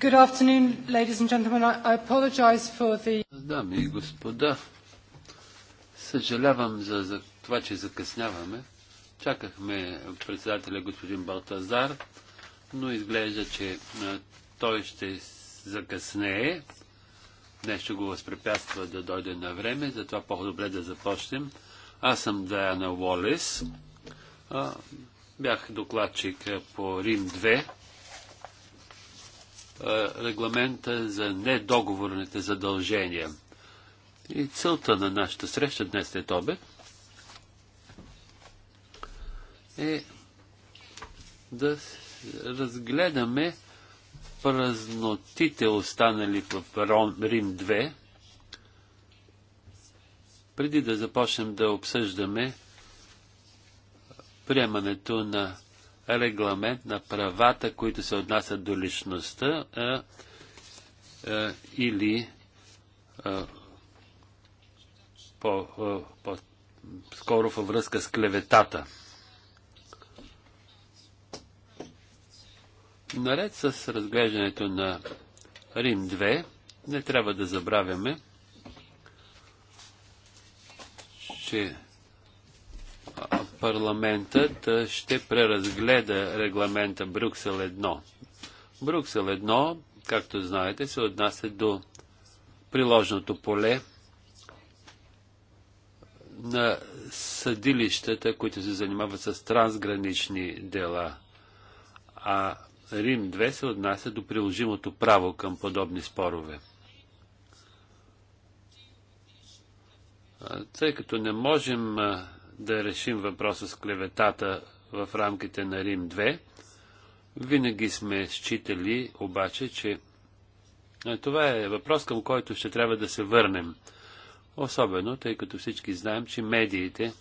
Good afternoon, ladies and gentlemen. I apologize for the... Дами и господа, съжалявам за, за това, че закъсняваме. Чакахме председателя господин Балтазар, но изглежда, че той ще закъснее. Нещо го възпрепятства да дойде на време, затова по-добре да започнем. Аз съм Даяна Уолес. бях докладчик по Рим 2 е, регламента за недоговорните задължения. И целта на нашата среща днес след обед е да разгледаме празнотите останали в Рим 2, преди да започнем да обсъждаме приемането на регламент на правата, които се отнасят до личността а, а, или а, по, а, по, скоро във връзка с клеветата. Наред с разглеждането на Рим 2, не трябва да забравяме, че парламентът ще преразгледа регламента Брюксел 1. Брюксел 1, както знаете, се отнася до приложното поле на съдилищата, които се занимават с трансгранични дела. А Рим 2 се отнася до приложимото право към подобни спорове. Тъй като не можем да решим въпроса с клеветата в рамките на Рим 2. Винаги сме считали обаче, че това е въпрос, към който ще трябва да се върнем. Особено, тъй като всички знаем, че медиите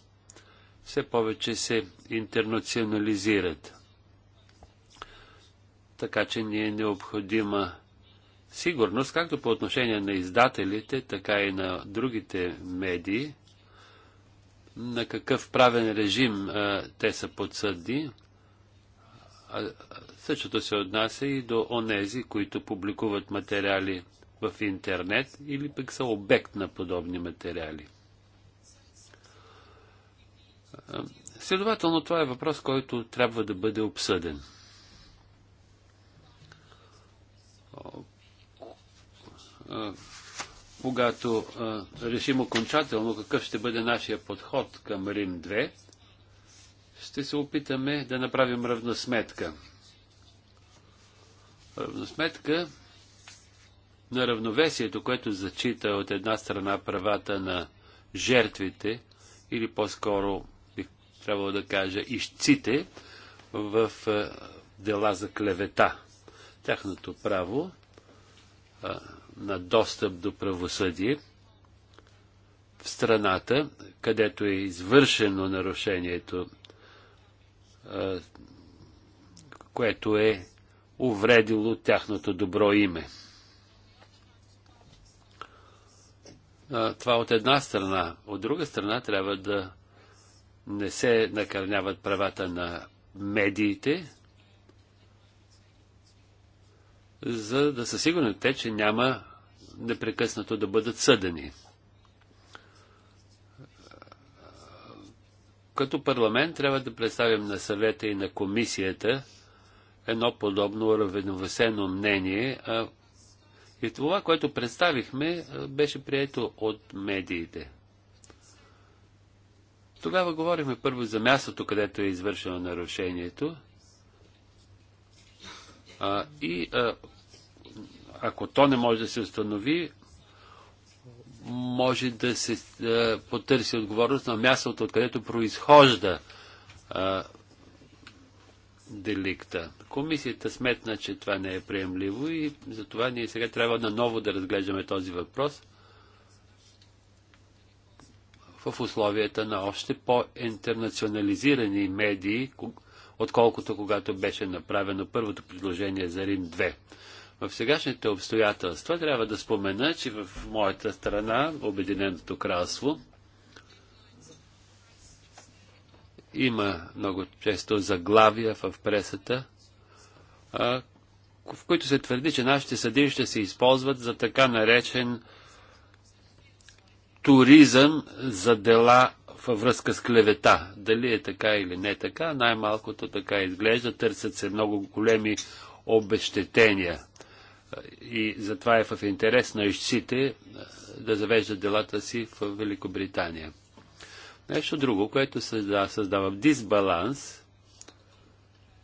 все повече се интернационализират. Така че ни е необходима сигурност, както по отношение на издателите, така и на другите медии – на какъв правен режим а, те са подсъдни. А, същото се отнася и до онези, които публикуват материали в интернет или пък са обект на подобни материали. А, следователно, това е въпрос, който трябва да бъде обсъден. А, когато а, решим окончателно какъв ще бъде нашия подход към Рим 2, ще се опитаме да направим равносметка. Равносметка на равновесието, което зачита от една страна правата на жертвите, или по-скоро бих трябвало да кажа ищците, в а, дела за клевета. Тяхното право а, на достъп до правосъдие в страната, където е извършено нарушението, което е увредило тяхното добро име. Това от една страна. От друга страна трябва да не се накърняват правата на медиите, за да са сигурни те, че няма непрекъснато да бъдат съдени. Като парламент трябва да представим на съвета и на комисията едно подобно уравновесено мнение. И това, което представихме, беше прието от медиите. Тогава говорихме първо за мястото, където е извършено нарушението. А, и а, ако то не може да се установи, може да се е, потърси отговорност на мястото, откъдето произхожда а, е, деликта. Комисията сметна, че това не е приемливо и затова ние сега трябва наново да разглеждаме този въпрос в условията на още по-интернационализирани медии, отколкото когато беше направено първото предложение за Рим 2. В сегашните обстоятелства трябва да спомена, че в моята страна, Обединеното кралство, има много често заглавия в пресата, в които се твърди, че нашите съдилища се използват за така наречен туризъм за дела във връзка с клевета. Дали е така или не така, най-малкото така изглежда. Търсят се много големи обещетения и затова е в интерес на ищците е, да завеждат делата си в Великобритания. Нещо друго, което създава, създава дисбаланс,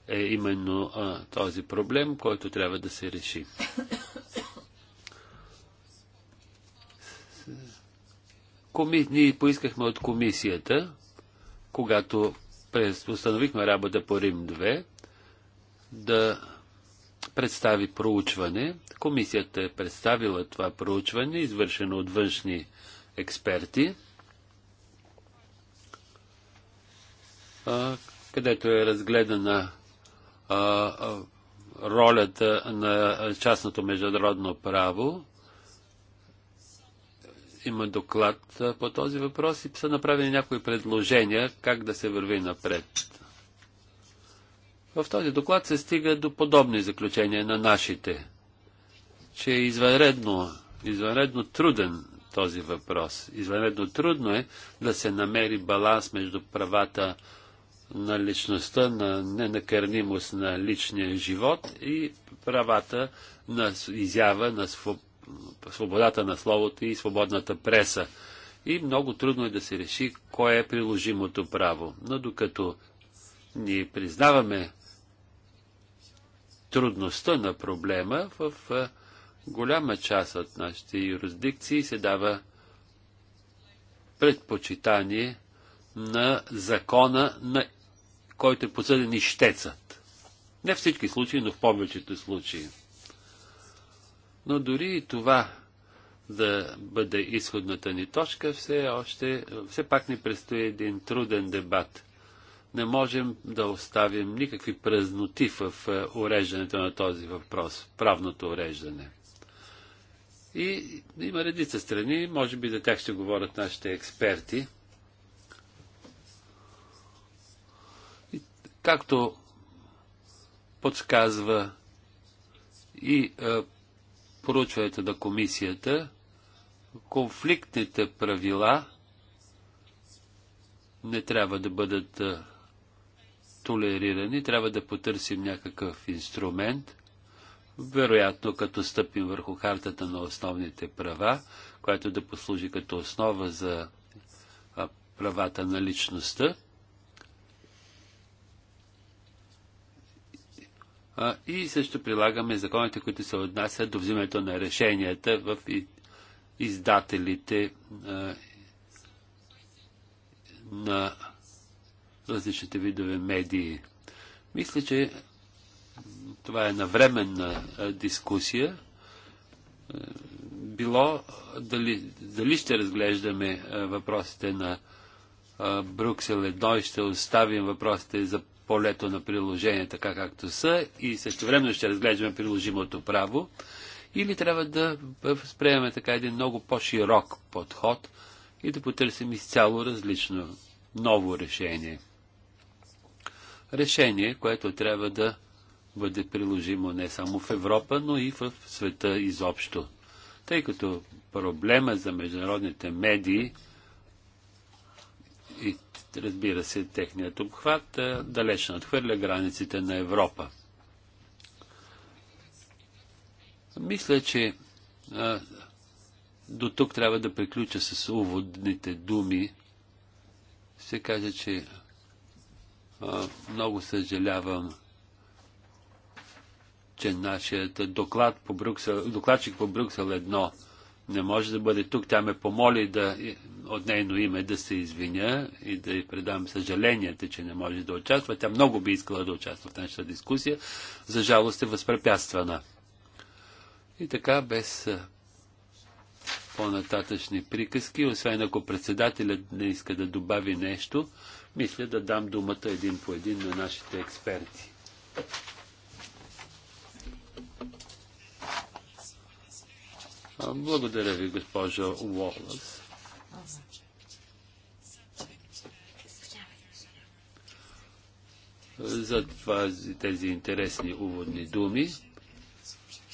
е именно а, е, този проблем, който трябва да се реши. Коми... Ние поискахме от комисията, когато установихме работа по Рим 2, да представи проучване. Комисията е представила това проучване, извършено от външни експерти, където е разгледана ролята на частното международно право. Има доклад по този въпрос и са направени някои предложения как да се върви напред. В този доклад се стига до подобни заключения на нашите, че е извънредно, извънредно труден този въпрос. Извънредно трудно е да се намери баланс между правата на личността, на ненакърнимост на личния живот и правата на изява, на свободата на словото и свободната преса. И много трудно е да се реши кое е приложимото право. Но докато ние признаваме трудността на проблема, в голяма част от нашите юрисдикции се дава предпочитание на закона, на който е посъден ищецът. Не всички случаи, но в повечето случаи. Но дори и това да бъде изходната ни точка, все още, все пак ни предстои един труден дебат не можем да оставим никакви празноти в е, уреждането на този въпрос, правното уреждане. И има редица страни, може би за тях ще говорят нашите експерти. И, както подсказва и е, поручването на комисията, конфликтните правила не трябва да бъдат е, толерирани, трябва да потърсим някакъв инструмент, вероятно като стъпим върху хартата на основните права, която да послужи като основа за правата на личността. И също прилагаме законите, които се отнасят до взимането на решенията в издателите на различните видове медии. Мисля, че това е навременна дискусия. Е, било дали, дали ще разглеждаме въпросите на Бруксел едно и ще оставим въпросите за полето на приложение така както са и също време ще разглеждаме приложимото право или трябва да спреме така един много по-широк подход и да потърсим изцяло различно ново решение решение, което трябва да бъде приложимо не само в Европа, но и в света изобщо. Тъй като проблема за международните медии и разбира се техният обхват е, далеч надхвърля границите на Европа. Мисля, че а, е, до тук трябва да приключа с уводните думи. Се каже, че много съжалявам, че нашият доклад по Брюксел, докладчик по Брюксел едно не може да бъде тук. Тя ме помоли да, от нейно име да се извиня и да й предам съжаленията, че не може да участва. Тя много би искала да участва в нашата дискусия. За жалост е възпрепятствана. И така, без по-нататъчни приказки, освен ако председателят не иска да добави нещо, мисля да дам думата един по един на нашите експерти. Благодаря ви, госпожо Уолас. За това, тези интересни уводни думи,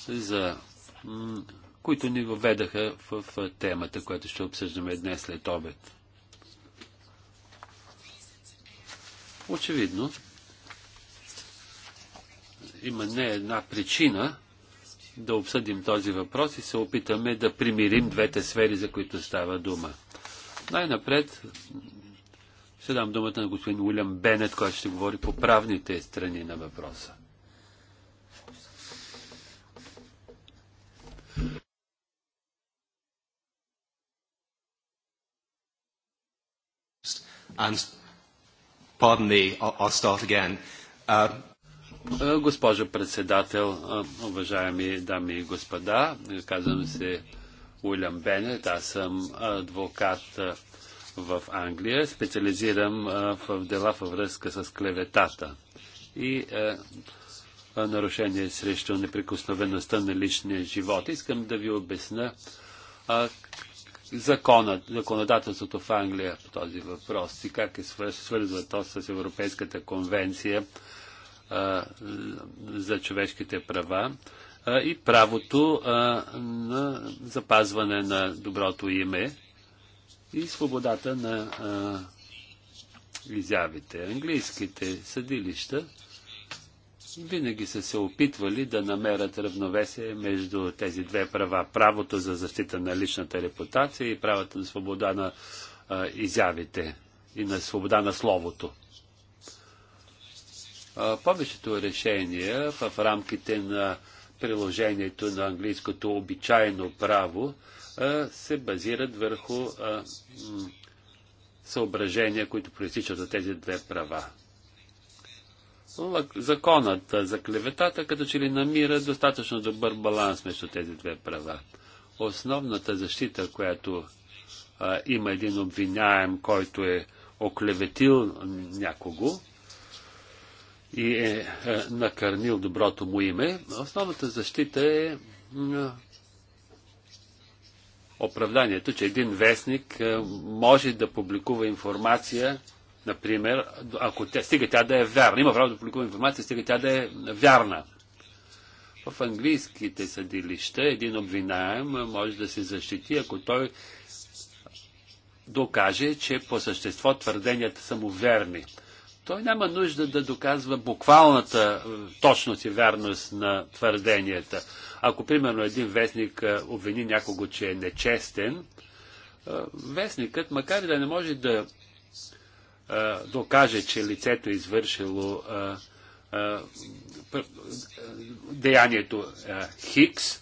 за, които ни въведаха в, в темата, която ще обсъждаме днес след обед. Очевидно, има не една причина да обсъдим този въпрос и се опитаме да примирим двете сфери, за които става дума. Най-напред ще дам думата на господин Уилям Бенет, който ще говори по правните страни на въпроса. and Pardon me, I'll start again. Uh... Е, госпожо председател, е, уважаеми дами и господа, казвам се Уилям Бенет, аз съм адвокат е, в Англия, специализирам в дела във връзка с клеветата и нарушение срещу неприкосновеността на личния живот. Искам да ви обясна законът, законодателството в Англия по този въпрос и как е свързва то с Европейската конвенция а, за човешките права а, и правото а, на запазване на доброто име и свободата на изявите. Английските съдилища винаги са се опитвали да намерят равновесие между тези две права. Правото за защита на личната репутация и правото на свобода на а, изявите и на свобода на словото. А, повечето решения в рамките на приложението на английското обичайно право а, се базират върху съображения, които проистичат от тези две права законът за клеветата като че ли намира достатъчно добър баланс между тези две права. Основната защита, която а, има един обвиняем, който е оклеветил някого и е, е накърнил доброто му име, основната защита е оправданието, че един вестник е, може да публикува информация Например, ако тя, стига тя да е вярна, има право да публикува информация, стига тя да е вярна. В английските съдилища един обвинаем може да се защити, ако той докаже, че по същество твърденията са му верни. Той няма нужда да доказва буквалната е, точност и вярност на твърденията. Ако, примерно, един вестник е, обвини някого, че е нечестен, е, вестникът, макар и да не може да докаже, че лицето е извършило деянието Хикс,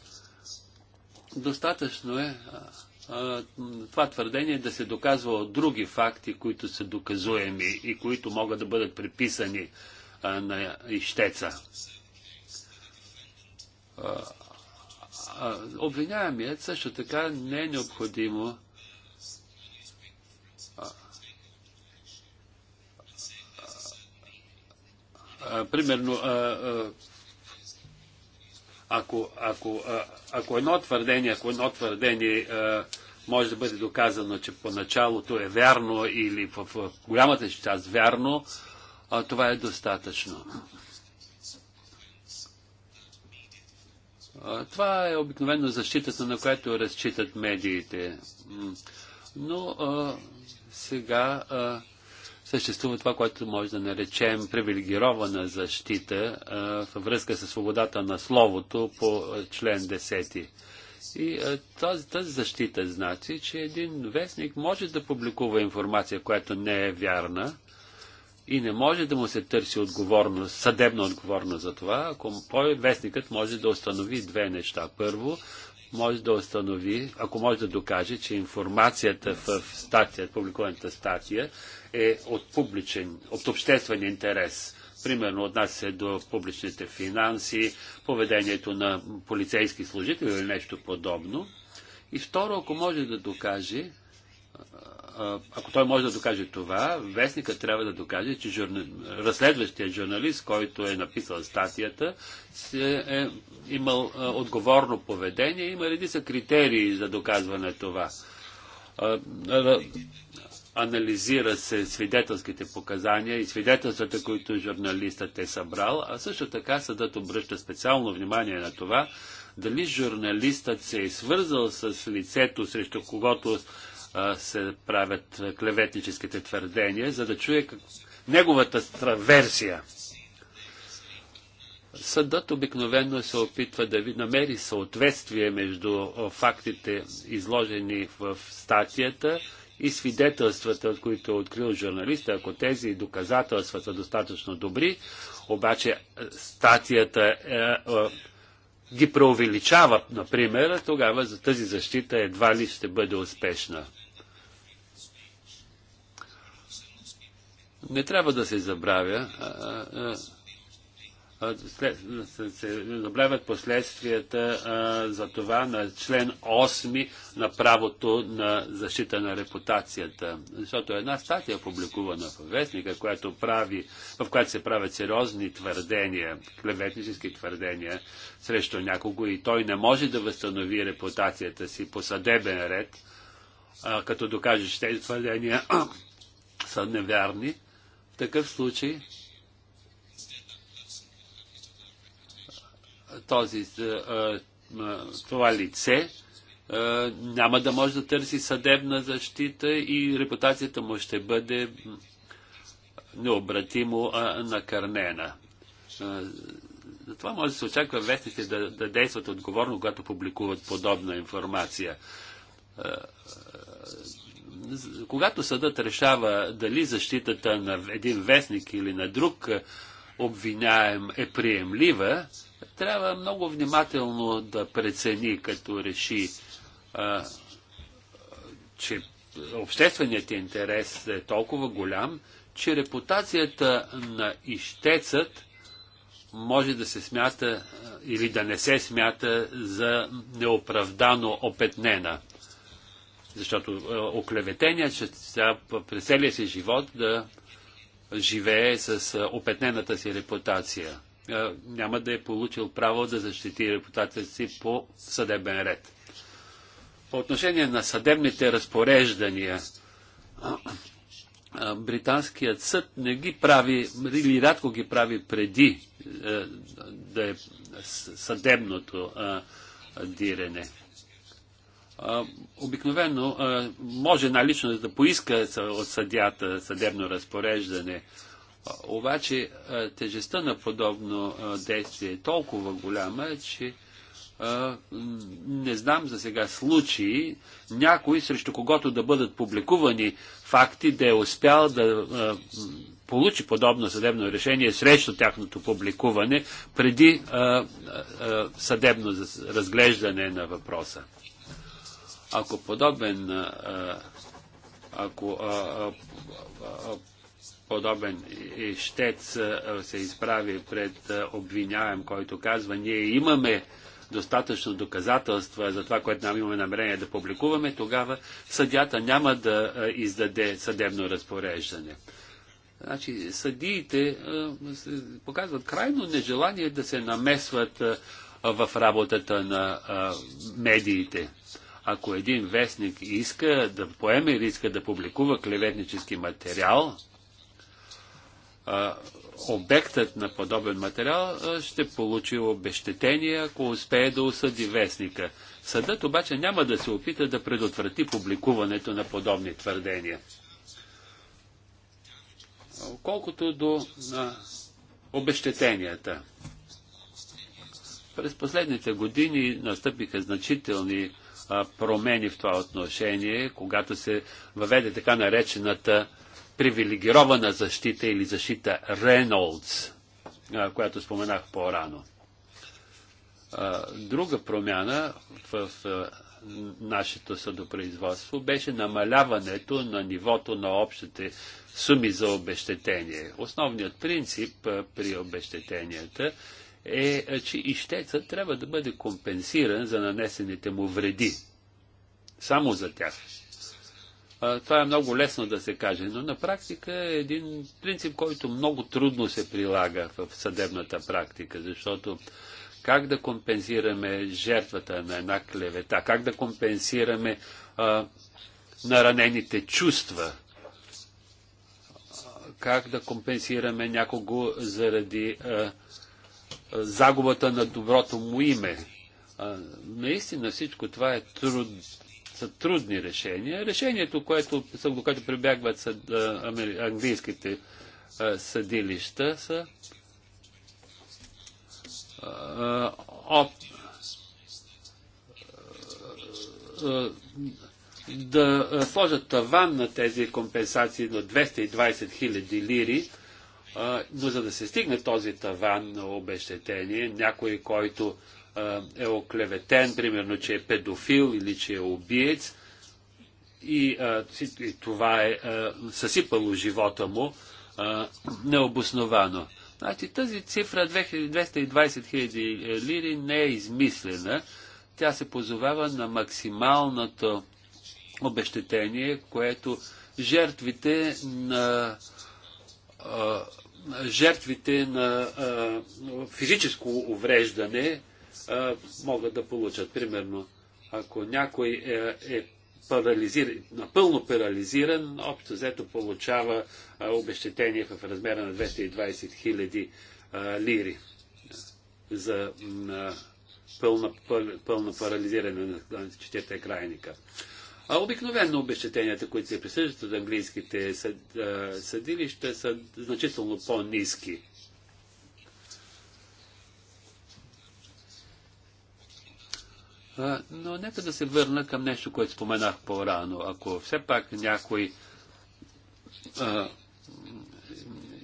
достатъчно е това твърдение да се доказва от други факти, които са доказуеми и които могат да бъдат приписани на ищеца. Обвиняемият също така не е необходимо примерно, а, а, ако, ако, а, ако едно твърдение, ако едно твърдение а, може да бъде доказано, че поначалото е вярно или в, в голямата част вярно, а, това е достатъчно. това е обикновено защитата, на която разчитат медиите. Но а, сега а, съществува това, което може да наречем привилегирована защита а, във връзка с свободата на словото по член 10. И а, тази, тази защита значи, че един вестник може да публикува информация, която не е вярна и не може да му се търси отговорност, съдебна отговорност за това, ако вестникът може да установи две неща. Първо, може да установи, ако може да докаже, че информацията в статия, публикуваната статия е от публичен, от обществен интерес. Примерно отнася се до публичните финанси, поведението на полицейски служители или нещо подобно. И второ, ако може да докаже, ако той може да докаже това, вестникът трябва да докаже, че журна... разследващия журналист, който е написал статията, се е имал отговорно поведение. Има редица критерии за доказване това. анализира се свидетелските показания и свидетелствата, които журналистът е събрал, а също така съдът обръща специално внимание на това, дали журналистът се е свързал с лицето, срещу когото се правят клеветническите твърдения, за да чуе как... неговата версия. Съдът обикновено се опитва да ви намери съответствие между фактите, изложени в статията и свидетелствата, от които е открил журналиста. Ако тези доказателства са достатъчно добри, обаче статията е, е, ги преувеличава, например, тогава за тази защита едва ли ще бъде успешна. Не трябва да се забравя, а, а, а, след, се забравят последствията а, за това на член 8 на правото на защита на репутацията. Защото една статия, публикувана в Вестника, която прави, в която се правят сериозни твърдения, клеветнически твърдения срещу някого и той не може да възстанови репутацията си по съдебен ред, а, като докаже, че тези твърдения са невярни, такъв случай този, това лице няма да може да търси съдебна защита и репутацията му ще бъде необратимо накърнена. Затова може да се очаква вестите да, да действат отговорно, когато публикуват подобна информация когато съдът решава дали защитата на един вестник или на друг обвиняем е приемлива, трябва много внимателно да прецени, като реши, а, че общественият интерес е толкова голям, че репутацията на ищецът може да се смята или да не се смята за неоправдано опетнена. Защото е, оклеветения, че тя през целия си живот да живее с е, опетнената си репутация. Е, няма да е получил право да защити репутацията си по съдебен ред. По отношение на съдебните разпореждания, британският съд не ги прави, или рядко ги прави преди да е съдебното дирене. Обикновено може една личност да поиска от съдята съдебно разпореждане, обаче тежестта на подобно действие е толкова голяма, че не знам за сега случаи, някой срещу когото да бъдат публикувани факти, да е успял да получи подобно съдебно решение срещу тяхното публикуване преди съдебно разглеждане на въпроса. Ако подобен, ако подобен щец се изправи пред обвиняем, който казва, ние имаме достатъчно доказателства за това, което нам имаме намерение да публикуваме, тогава съдята няма да издаде съдебно разпореждане. Значи, съдиите показват крайно нежелание да се намесват в работата на медиите. Ако един вестник иска да поеме или иска да публикува клеветнически материал, обектът на подобен материал ще получи обещетение, ако успее да осъди вестника. Съдът обаче няма да се опита да предотврати публикуването на подобни твърдения. Колкото до на обещетенията. През последните години настъпиха значителни промени в това отношение, когато се въведе така наречената привилегирована защита или защита Рейнолдс, която споменах по-рано. Друга промяна в нашето съдопроизводство беше намаляването на нивото на общите суми за обещетение. Основният принцип при обещетенията е, че ищецът трябва да бъде компенсиран за нанесените му вреди. Само за тях. Това е много лесно да се каже, но на практика е един принцип, който много трудно се прилага в съдебната практика, защото как да компенсираме жертвата на една клевета, как да компенсираме а, наранените чувства, как да компенсираме някого заради а, загубата на доброто му име. Наистина всичко това е труд, са трудни решения. Решението, което, до което прибягват съд, английските съдилища, са оп, да сложат таван на тези компенсации на 220 хиляди лири, но за да се стигне този таван на обещетение, някой, който е оклеветен, примерно, че е педофил или че е убиец, и, и това е съсипало живота му необосновано. Значи тази цифра 220 000 е, лири не е измислена. Тя се позовава на максималното обещетение, което жертвите на жертвите на физическо увреждане могат да получат. Примерно, ако някой е, е парализиран, напълно парализиран, общо взето получава обещетение в размера на 220 хиляди лири за пълна, пълна парализиране на четирите крайника. А обикновено обещетенията, които се присъждат от английските съд, съдилища, са значително по-низки. Но нека да се върна към нещо, което споменах по-рано. Ако все пак някой а,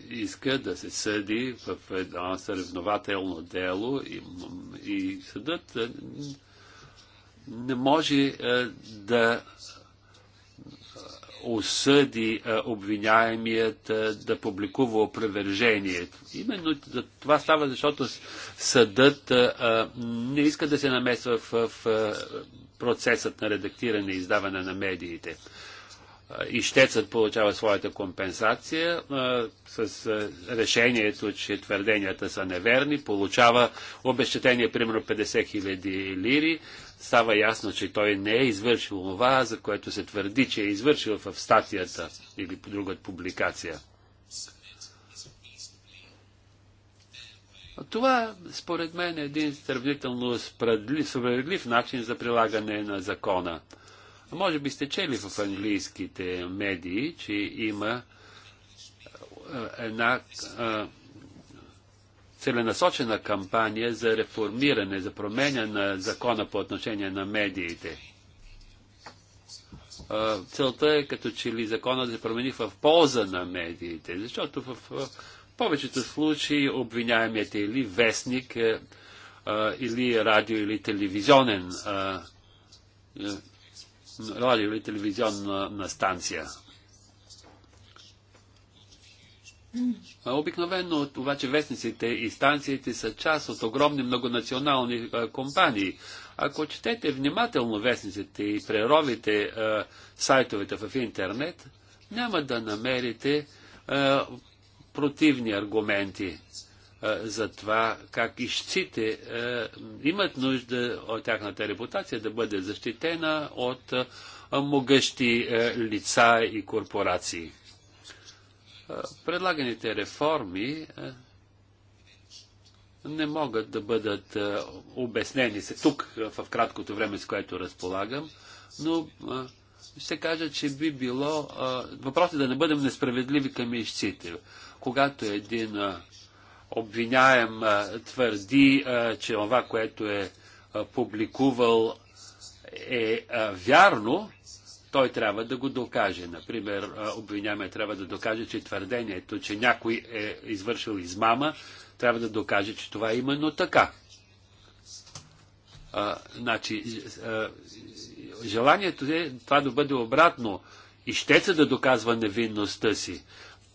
иска да се съди в едно съревнователно дело и, и съдът не може е, да осъди е, обвиняемият е, да публикува опровержението. Именно за това става, защото съдът не иска да се намесва в процесът на редактиране и издаване на медиите ищецът получава своята компенсация а, с решението, че твърденията са неверни, получава обещетение примерно 50 000 лири, става ясно, че той не е извършил това, за което се твърди, че е извършил в статията или по друга публикация. Това, според мен, е един сравнително справедлив начин за прилагане на закона. Може би сте чели в английските медии, че има една целенасочена кампания за реформиране, за променя на закона по отношение на медиите. Целта е като че ли законът да се промени в полза на медиите, защото в повечето случаи обвиняемият е или вестник, е, или радио, или телевизионен е, радио или телевизионна на станция. Обикновено обаче вестниците и станциите са част от огромни многонационални а, компании. Ако четете внимателно вестниците и преровите а, сайтовете в интернет, няма да намерите а, противни аргументи за това как ищците имат нужда от тяхната репутация да бъде защитена от могъщи лица и корпорации. Предлаганите реформи не могат да бъдат обяснени се тук в краткото време, с което разполагам, но ще кажа, че би било... Въпросът е да не бъдем несправедливи към ищците. Когато един обвиняем твърди, че това, което е публикувал е вярно, той трябва да го докаже. Например, обвиняме трябва да докаже, че твърдението, че някой е извършил измама, трябва да докаже, че това е именно така. А, значи, а, желанието е това да бъде обратно. Ищеца да доказва невинността си.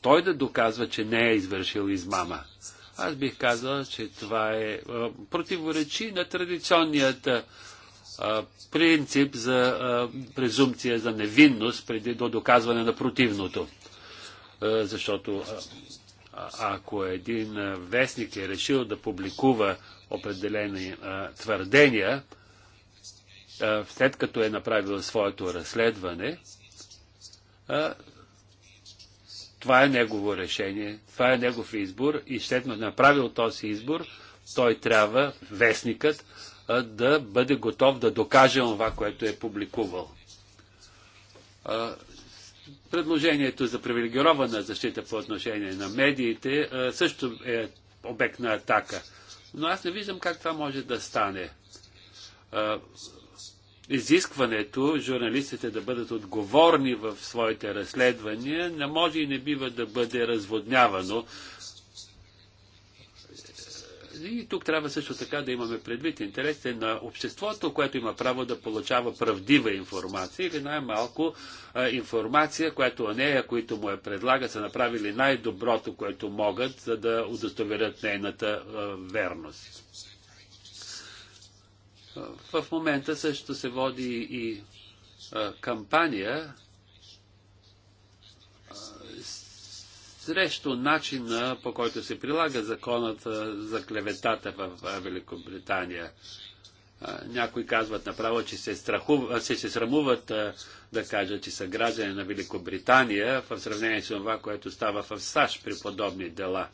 Той да доказва, че не е извършил измама. Аз бих казал, че това е противоречи на традиционният принцип за презумпция за невинност преди до доказване на противното. Защото ако един вестник е решил да публикува определени твърдения, след като е направил своето разследване, това е негово решение, това е негов избор и след му направил този избор, той трябва, вестникът, да бъде готов да докаже това, което е публикувал. Предложението за привилегирована защита по отношение на медиите също е обект на атака. Но аз не виждам как това може да стане изискването журналистите да бъдат отговорни в своите разследвания не може и не бива да бъде разводнявано. И тук трябва също така да имаме предвид интересите на обществото, което има право да получава правдива информация или най-малко информация, която нея, които му я предлагат, са направили най-доброто, което могат, за да удостоверят нейната а, верност. В момента също се води и кампания срещу начина по който се прилага законът за клеветата в Великобритания. Някои казват направо, че се, страхува, се, се срамуват да кажат, че са граждани на Великобритания в сравнение с това, което става в САЩ при подобни дела.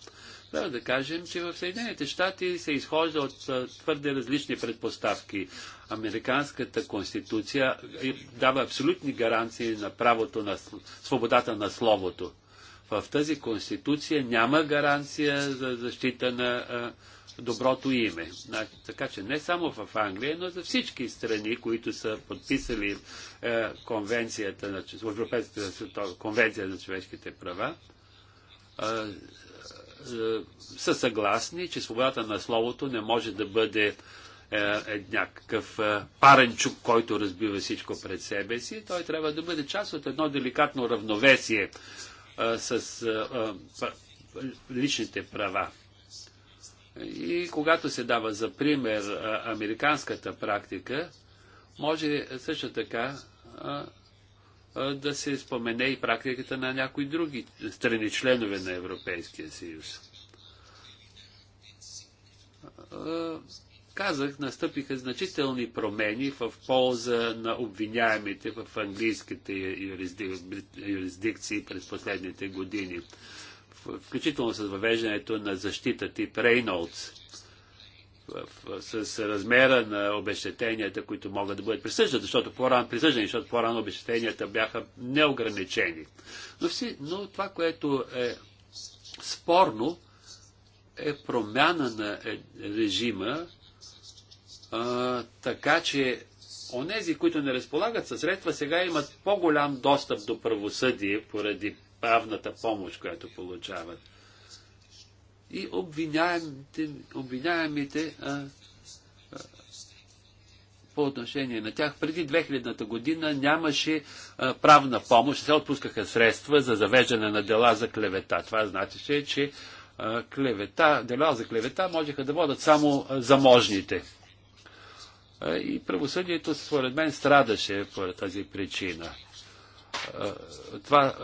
Трябва да кажем, че в Съединените щати се изхожда от твърде различни предпоставки. Американската конституция е, дава абсолютни гаранции на правото на свободата на словото. В тази конституция няма гаранция за защита на доброто име. Така че не само в Англия, но за всички страни, които са подписали е, конвенцията на, конвенция на човешките права, е, са съгласни, че свободата на словото не може да бъде е, е някакъв е, паренчук, който разбива всичко пред себе си. Той трябва да бъде част от едно деликатно равновесие е, с е, е, личните права. И когато се дава за пример американската практика, може също така да се спомене и практиката на някои други страни, членове на Европейския съюз. Казах, настъпиха значителни промени в полза на обвиняемите в английските юрисдикции през последните години, включително с въвеждането на защита тип Рейнолдс с размера на обещетенията, които могат да бъдат присъждани, защото по-рано, присъждани, защото по-рано обещетенията бяха неограничени. Но, вси, но това, което е спорно, е промяна на е, режима, а, така че онези, които не разполагат със средства, сега имат по-голям достъп до правосъдие поради правната помощ, която получават и обвиняемите, обвиняемите а, а, по отношение на тях. Преди 2000-та година нямаше а, правна помощ, се отпускаха средства за завеждане на дела за клевета. Това значеше, че а, клевета, дела за клевета можеха да водят само а, заможните. А, и правосъдието, според мен, страдаше по тази причина. А, това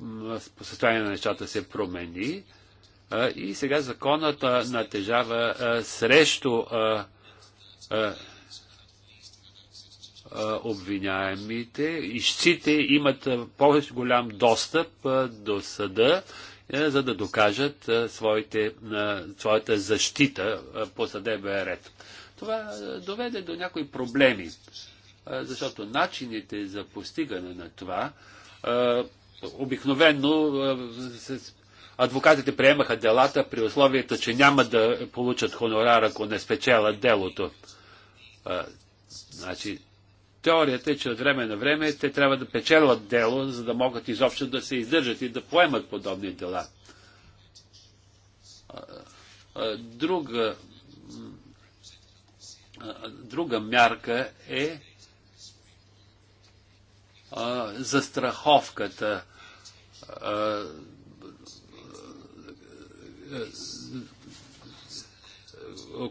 а, състояние на нещата се промени и сега законът натежава срещу обвиняемите. Ищците имат повече голям достъп до съда, за да докажат своите, своята защита по съдебен ред. Това доведе до някои проблеми, защото начините за постигане на това обикновено се адвокатите приемаха делата при условията, че няма да получат хонорар, ако не спечелят делото. А, значи, теорията е, че от време на време те трябва да печелят дело, за да могат изобщо да се издържат и да поемат подобни дела. друга, друга мярка е застраховката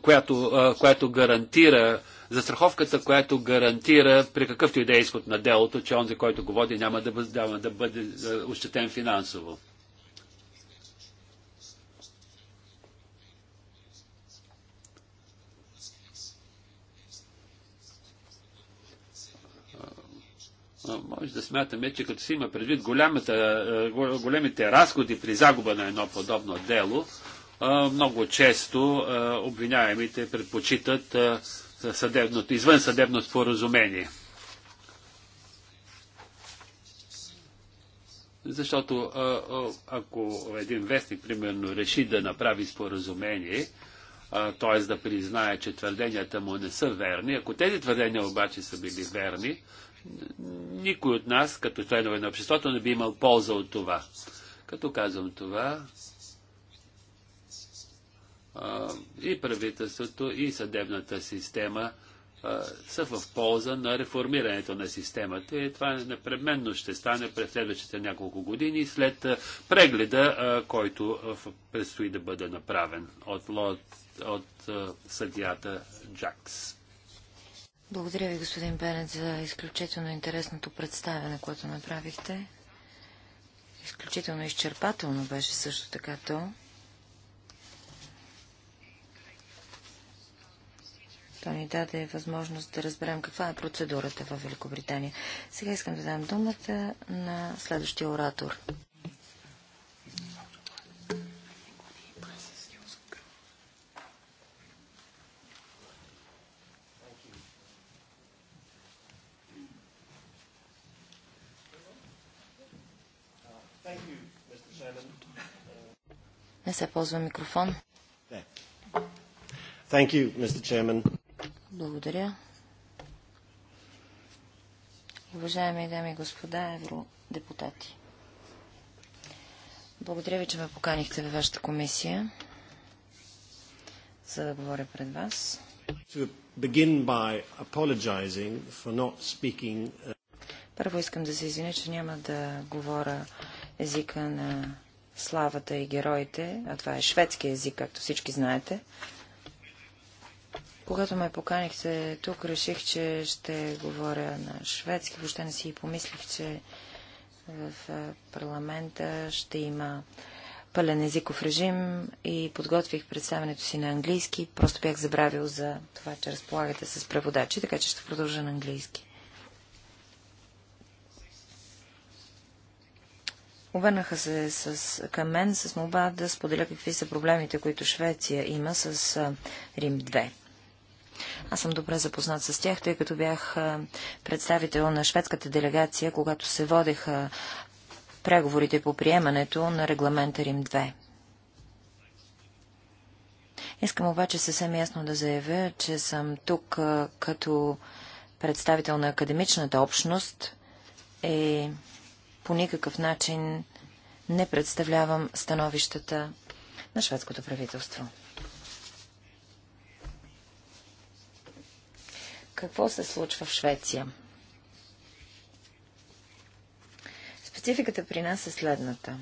която, която гарантира, застраховката, която гарантира при какъвто и да е изход на делото, че онзи, който го води, няма да бъде, да бъде ощетен финансово. може да смятаме, че като се има предвид голямата, е, големите разходи при загуба на едно подобно дело, е, много често е, обвиняемите предпочитат съдебното, извън съдебно споразумение. Защото ако един вестник, примерно, реши да направи споразумение, т.е. да признае, че твърденията му не са верни, ако тези твърдения обаче са били верни, никой от нас, като членове на обществото, не би имал полза от това. Като казвам това, и правителството, и съдебната система са в полза на реформирането на системата и това непременно ще стане през следващите няколко години след прегледа, който предстои да бъде направен от, от, от съдията Джакс. Благодаря ви, господин Бенет, за изключително интересното представяне, което направихте. Изключително изчерпателно беше също така то. То ни даде възможност да разберем каква е процедурата в Великобритания. Сега искам да дам думата на следващия оратор. Не се ползва микрофон. Thank you, Mr. Chairman. Благодаря. Уважаеми дами и господа евродепутати, благодаря ви, че ме поканихте във вашата комисия, за да говоря пред вас. Speaking... Uh, Първо искам да се извиня, че няма да говоря езика на славата и героите, а това е шведски език, както всички знаете. Когато ме поканихте тук, реших, че ще говоря на шведски. Въобще не си и помислих, че в парламента ще има пълен езиков режим и подготвих представенето си на английски. Просто бях забравил за това, че разполагате с преводачи, така че ще продължа на английски. Обърнаха се с, към мен с молба да споделя какви са проблемите, които Швеция има с Рим 2. Аз съм добре запознат с тях, тъй като бях представител на шведската делегация, когато се водеха преговорите по приемането на регламента Рим 2. Искам обаче съвсем ясно да заявя, че съм тук като представител на академичната общност и е по никакъв начин не представлявам становищата на шведското правителство. Какво се случва в Швеция? Спецификата при нас е следната.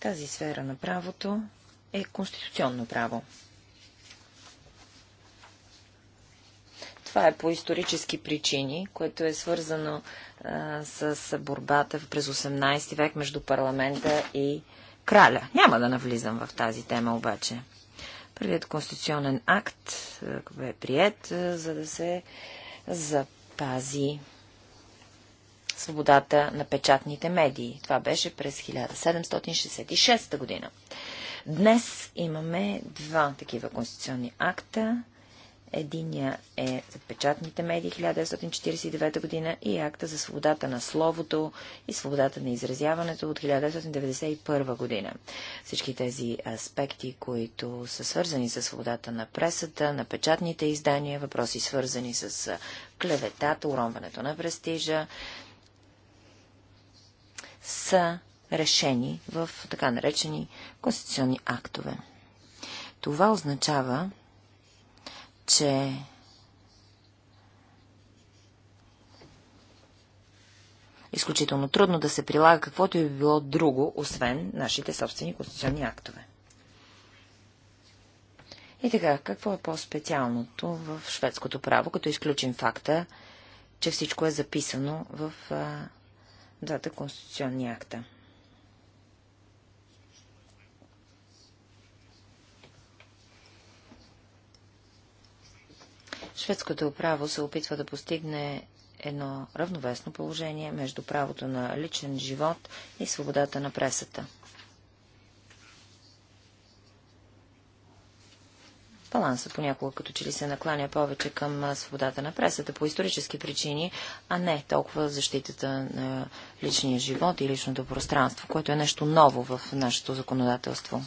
Тази сфера на правото е конституционно право. Това е по исторически причини, което е свързано а, с борбата през 18 век между парламента и краля. Няма да навлизам в тази тема обаче. Първият конституционен акт бе прият, за да се запази свободата на печатните медии. Това беше през 1766 година. Днес имаме два такива конституционни акта Единия е за печатните медии 1949 година и акта за свободата на словото и свободата на изразяването от 1991 година. Всички тези аспекти, които са свързани с свободата на пресата, на печатните издания, въпроси свързани с клеветата, уронването на престижа, са решени в така наречени конституционни актове. Това означава, че изключително трудно да се прилага каквото и би било друго, освен нашите собствени конституционни актове. И така, какво е по-специалното в шведското право, като изключим факта, че всичко е записано в а, двата конституционни акта? Шведското право се опитва да постигне едно равновесно положение между правото на личен живот и свободата на пресата. Балансът понякога като че ли се накланя повече към свободата на пресата по исторически причини, а не толкова защитата на личния живот и личното пространство, което е нещо ново в нашето законодателство.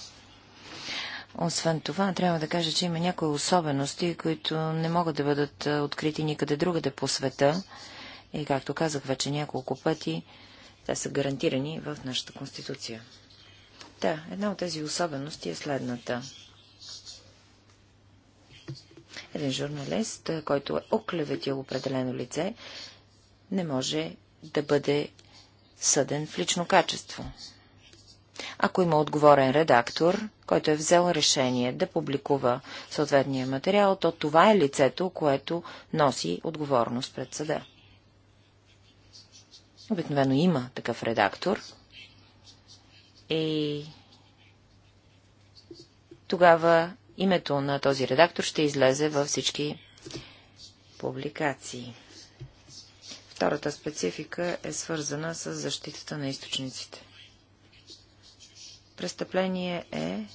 Освен това, трябва да кажа, че има някои особености, които не могат да бъдат открити никъде другаде по света. И, както казах вече няколко пъти, те са гарантирани в нашата конституция. Да, една от тези особености е следната. Един журналист, който е оклеветил определено лице, не може да бъде съден в лично качество. Ако има отговорен редактор, който е взел решение да публикува съответния материал, то това е лицето, което носи отговорност пред съда. Обикновено има такъв редактор и тогава името на този редактор ще излезе във всички публикации. Втората специфика е свързана с защитата на източниците. Престъпление е,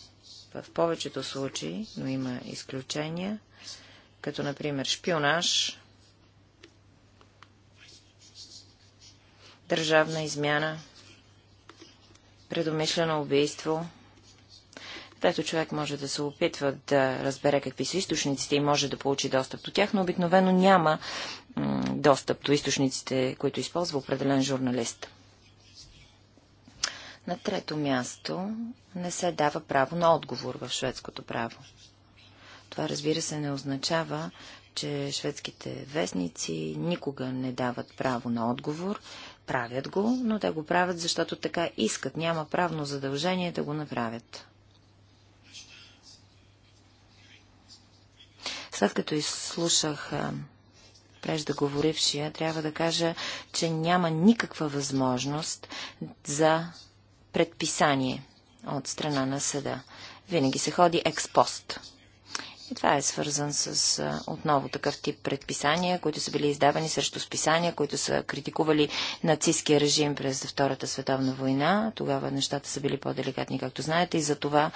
в повечето случаи, но има изключения, като например шпионаж, държавна измяна, предумишлено убийство, където човек може да се опитва да разбере какви са източниците и може да получи достъп до тях, но обикновено няма достъп до източниците, които използва определен журналист. На трето място не се дава право на отговор в шведското право. Това, разбира се, не означава, че шведските вестници никога не дават право на отговор. Правят го, но те го правят, защото така искат. Няма правно задължение да го направят. След като изслушах преждеговорившия, трябва да кажа, че няма никаква възможност за предписание от страна на съда. Винаги се ходи експост. И това е свързан с отново такъв тип предписания, които са били издавани срещу списания, които са критикували нацистския режим през Втората световна война. Тогава нещата са били по-деликатни, както знаете, и за това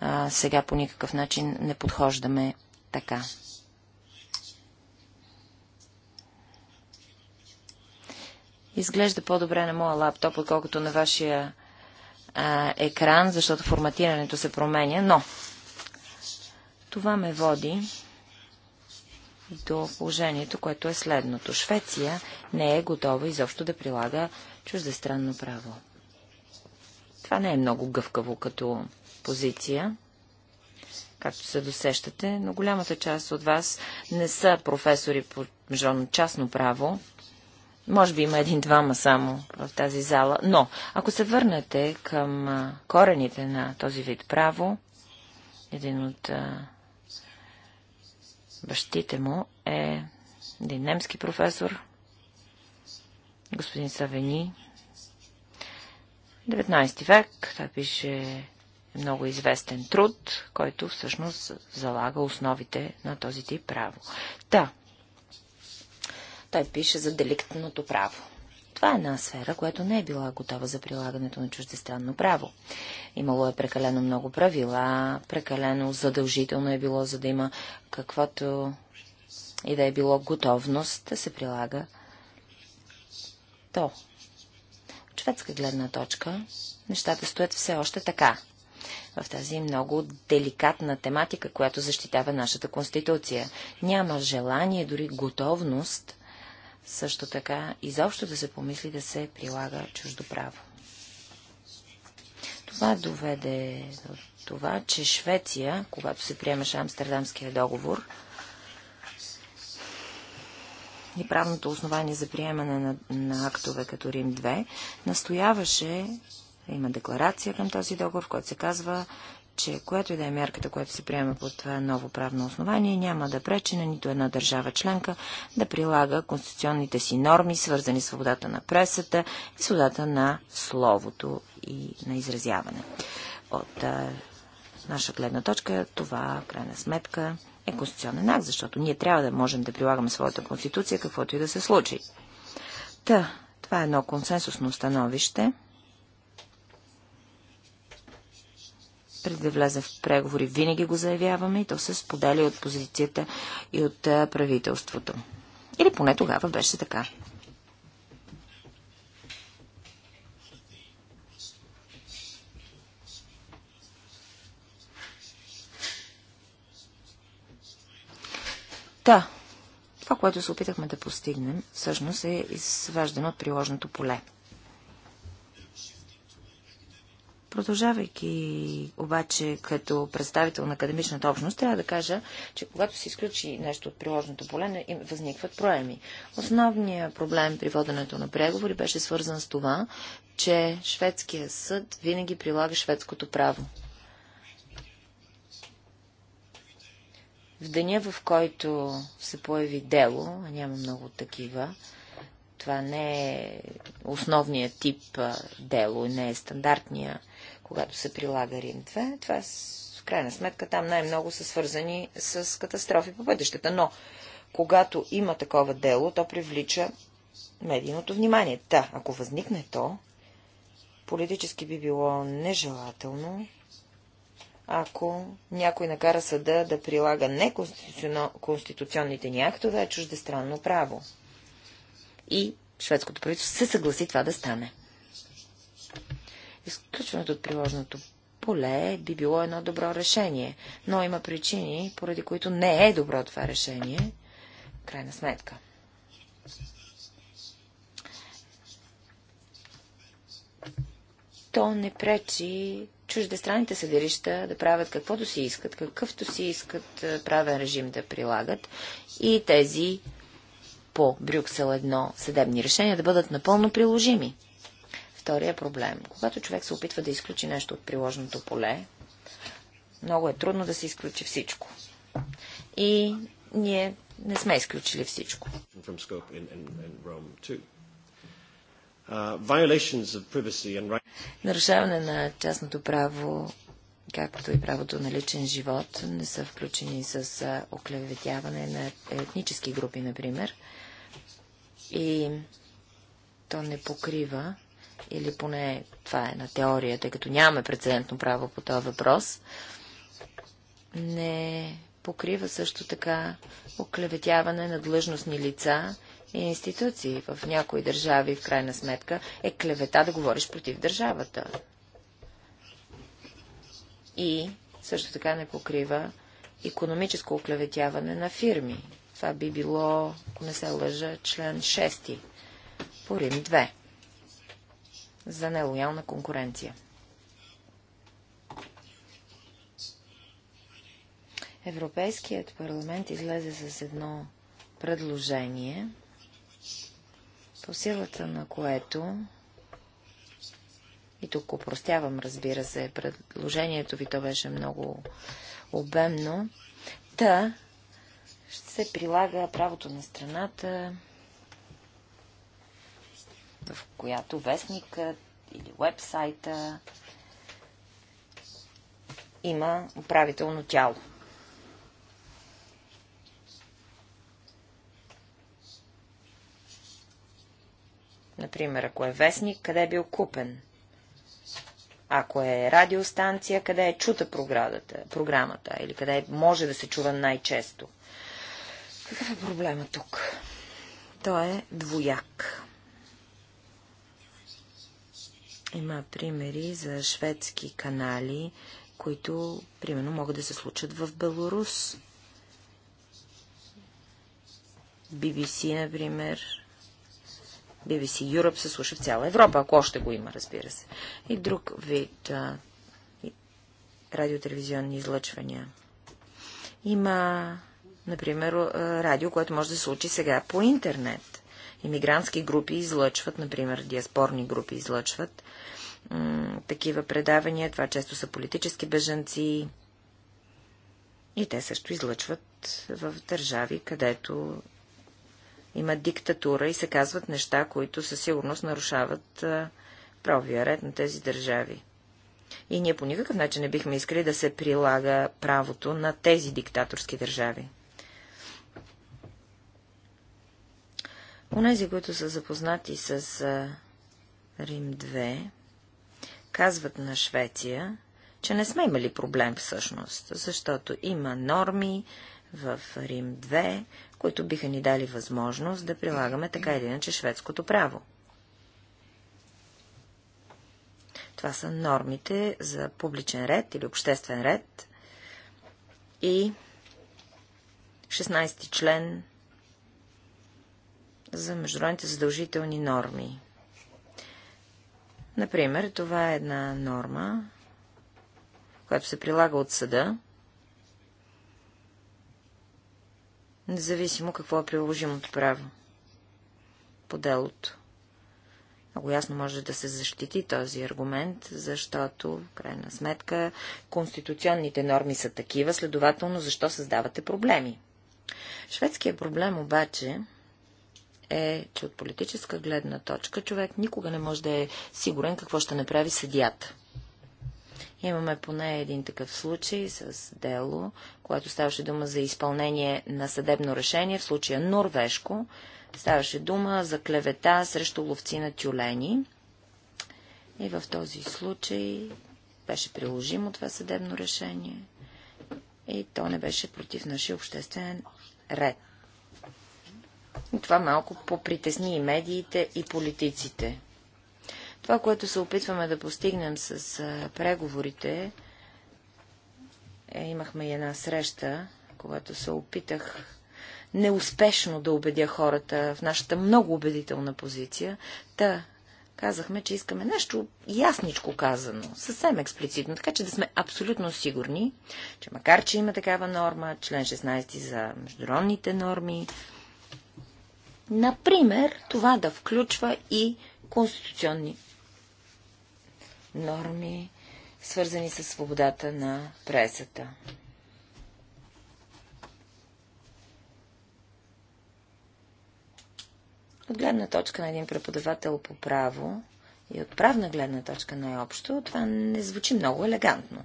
а, сега по никакъв начин не подхождаме така. Изглежда по-добре на моя лаптоп, отколкото на вашия екран, защото форматирането се променя, но това ме води до положението, което е следното. Швеция не е готова изобщо да прилага чуждестранно право. Това не е много гъвкаво като позиция, както се досещате, но голямата част от вас не са професори по международно частно право, може би има един-двама само в тази зала, но ако се върнете към корените на този вид право, един от бащите му е един немски професор, господин Савени. 19 век, той пише много известен труд, който всъщност залага основите на този тип право. Та, да, той пише за деликтното право. Това е една сфера, която не е била готова за прилагането на чуждестранно право. Имало е прекалено много правила, прекалено задължително е било, за да има каквото и да е било готовност да се прилага то. От шведска гледна точка нещата стоят все още така. В тази много деликатна тематика, която защитава нашата конституция. Няма желание, дори готовност също така изобщо да се помисли да се прилага чуждо право. Това доведе до това, че Швеция, когато се приемаше Амстердамския договор и правното основание за приемане на, на актове като Рим 2, настояваше, има декларация към този договор, в който се казва, че която и да е мярката, която се приема под това ново правно основание, няма да пречи на нито една държава членка да прилага конституционните си норми, свързани с свободата на пресата и свободата на словото и на изразяване. От а, наша гледна точка това, крайна сметка, е конституционен акт, защото ние трябва да можем да прилагаме своята конституция, каквото и да се случи. Та, това е едно консенсусно становище преди да влезе в преговори, винаги го заявяваме и то се споделя от позицията и от правителството. Или поне тогава беше така. Та, да. това, което се опитахме да постигнем, всъщност е изваждано от приложното поле. Продължавайки обаче като представител на академичната общност, трябва да кажа, че когато се изключи нещо от приложното поле, възникват проеми. Основният проблем при воденето на преговори беше свързан с това, че шведския съд винаги прилага шведското право. В деня, в който се появи дело, а няма много такива, това не е основният тип дело, не е стандартния, когато се прилага Рим 2. Това в крайна сметка там най-много са свързани с катастрофи по пътищата. Но когато има такова дело, то привлича медийното внимание. Та, ако възникне то, политически би било нежелателно, ако някой накара съда да прилага неконституционните ни актове, а чуждестранно право и шведското правителство се съгласи това да стане. Изключването от приложеното поле би било едно добро решение, но има причини, поради които не е добро това решение, крайна сметка. То не пречи чуждестранните съдилища да правят каквото си искат, какъвто си искат правен режим да прилагат и тези по Брюксел едно съдебни решения да бъдат напълно приложими. Втория проблем. Когато човек се опитва да изключи нещо от приложеното поле, много е трудно да се изключи всичко. И ние не сме изключили всичко. Uh, Нарушаване на частното право, както и правото на личен живот, не са включени с оклеветяване на етнически групи, например. И то не покрива, или поне това е на теория, тъй като нямаме прецедентно право по този въпрос, не покрива също така оклеветяване на длъжностни лица и институции. В някои държави, в крайна сметка, е клевета да говориш против държавата. И също така не покрива економическо оклеветяване на фирми. Това би било, ако не се лъжа, член 6 по Рим 2 за нелоялна конкуренция. Европейският парламент излезе с едно предложение, по силата на което, и тук упростявам, разбира се, предложението ви то беше много обемно, та ще се прилага правото на страната, в която вестникът или вебсайта има управително тяло. Например, ако е вестник, къде е бил купен? Ако е радиостанция, къде е чута програмата или къде може да се чува най-често? Какъв е проблема тук? Той е двояк. Има примери за шведски канали, които, примерно, могат да се случат в Беларус. BBC, например, BBC Europe се слуша в цяла Европа, ако още го има, разбира се. И друг вид а, радиотелевизионни излъчвания. Има Например, е, радио, което може да се случи сега по интернет. Имигрантски групи излъчват, например, диаспорни групи излъчват такива предавания. Това често са политически бежанци. И те също излъчват в държави, където има диктатура и се казват неща, които със сигурност нарушават е, правия ред на тези държави. И ние по никакъв начин не бихме искали да се прилага правото на тези диктаторски държави. Онези, които са запознати с Рим 2, казват на Швеция, че не сме имали проблем всъщност, защото има норми в Рим 2, които биха ни дали възможност да прилагаме така или иначе шведското право. Това са нормите за публичен ред или обществен ред и 16 член за международните задължителни норми. Например, това е една норма, която се прилага от съда, независимо какво е приложимото право по делото. Много ясно може да се защити този аргумент, защото, в крайна сметка, конституционните норми са такива, следователно защо създавате проблеми. Шведският проблем обаче е, че от политическа гледна точка човек никога не може да е сигурен какво ще направи съдията. Имаме поне един такъв случай с дело, което ставаше дума за изпълнение на съдебно решение, в случая норвежко. Ставаше дума за клевета срещу ловци на тюлени. И в този случай беше приложимо това съдебно решение. И то не беше против нашия обществен ред. Но това малко попритесни и медиите, и политиците. Това, което се опитваме да постигнем с преговорите, е, имахме и една среща, когато се опитах неуспешно да убедя хората в нашата много убедителна позиция, та казахме, че искаме нещо ясничко казано, съвсем експлицитно, така че да сме абсолютно сигурни, че макар, че има такава норма, член 16 за международните норми, Например, това да включва и конституционни норми, свързани с свободата на пресата. От гледна точка на един преподавател по право и от правна гледна точка най-общо, това не звучи много елегантно.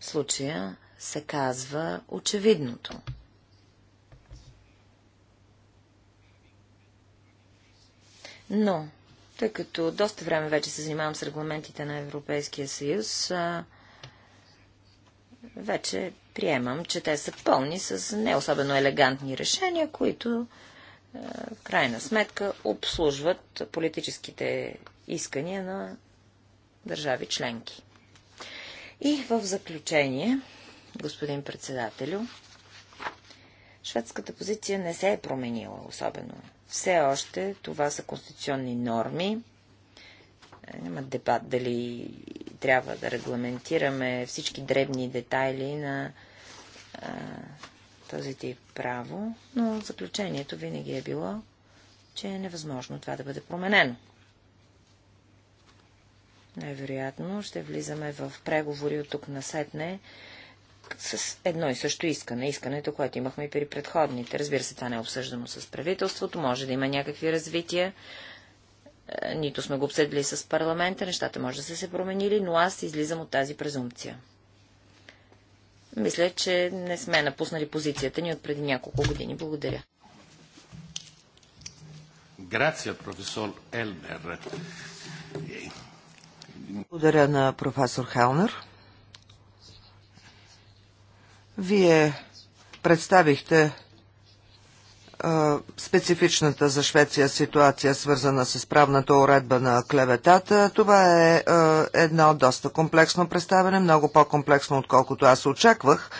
В случая се казва очевидното. Но, тъй като доста време вече се занимавам с регламентите на Европейския съюз, вече приемам, че те са пълни с не особено елегантни решения, които в крайна сметка обслужват политическите искания на държави членки. И в заключение, господин председателю, шведската позиция не се е променила особено все още това са конституционни норми. Е, Няма дебат дали трябва да регламентираме всички дребни детайли на а, този тип право, но заключението винаги е било, че е невъзможно това да бъде променено. Най-вероятно ще влизаме в преговори от тук насетне с едно и също искане, искането, което имахме и при предходните. Разбира се, това не е обсъждано с правителството, може да има някакви развития, е, нито сме го обсъдили с парламента, нещата може да са се променили, но аз излизам от тази презумпция. Мисля, че не сме напуснали позицията ни от преди няколко години. Благодаря. Грация, професор Елнер. Благодаря на професор Хелнер. Вие представихте специфичната за Швеция ситуация, свързана с правната уредба на клеветата. Това е едно доста комплексно представяне, много по-комплексно, отколкото аз очаквах.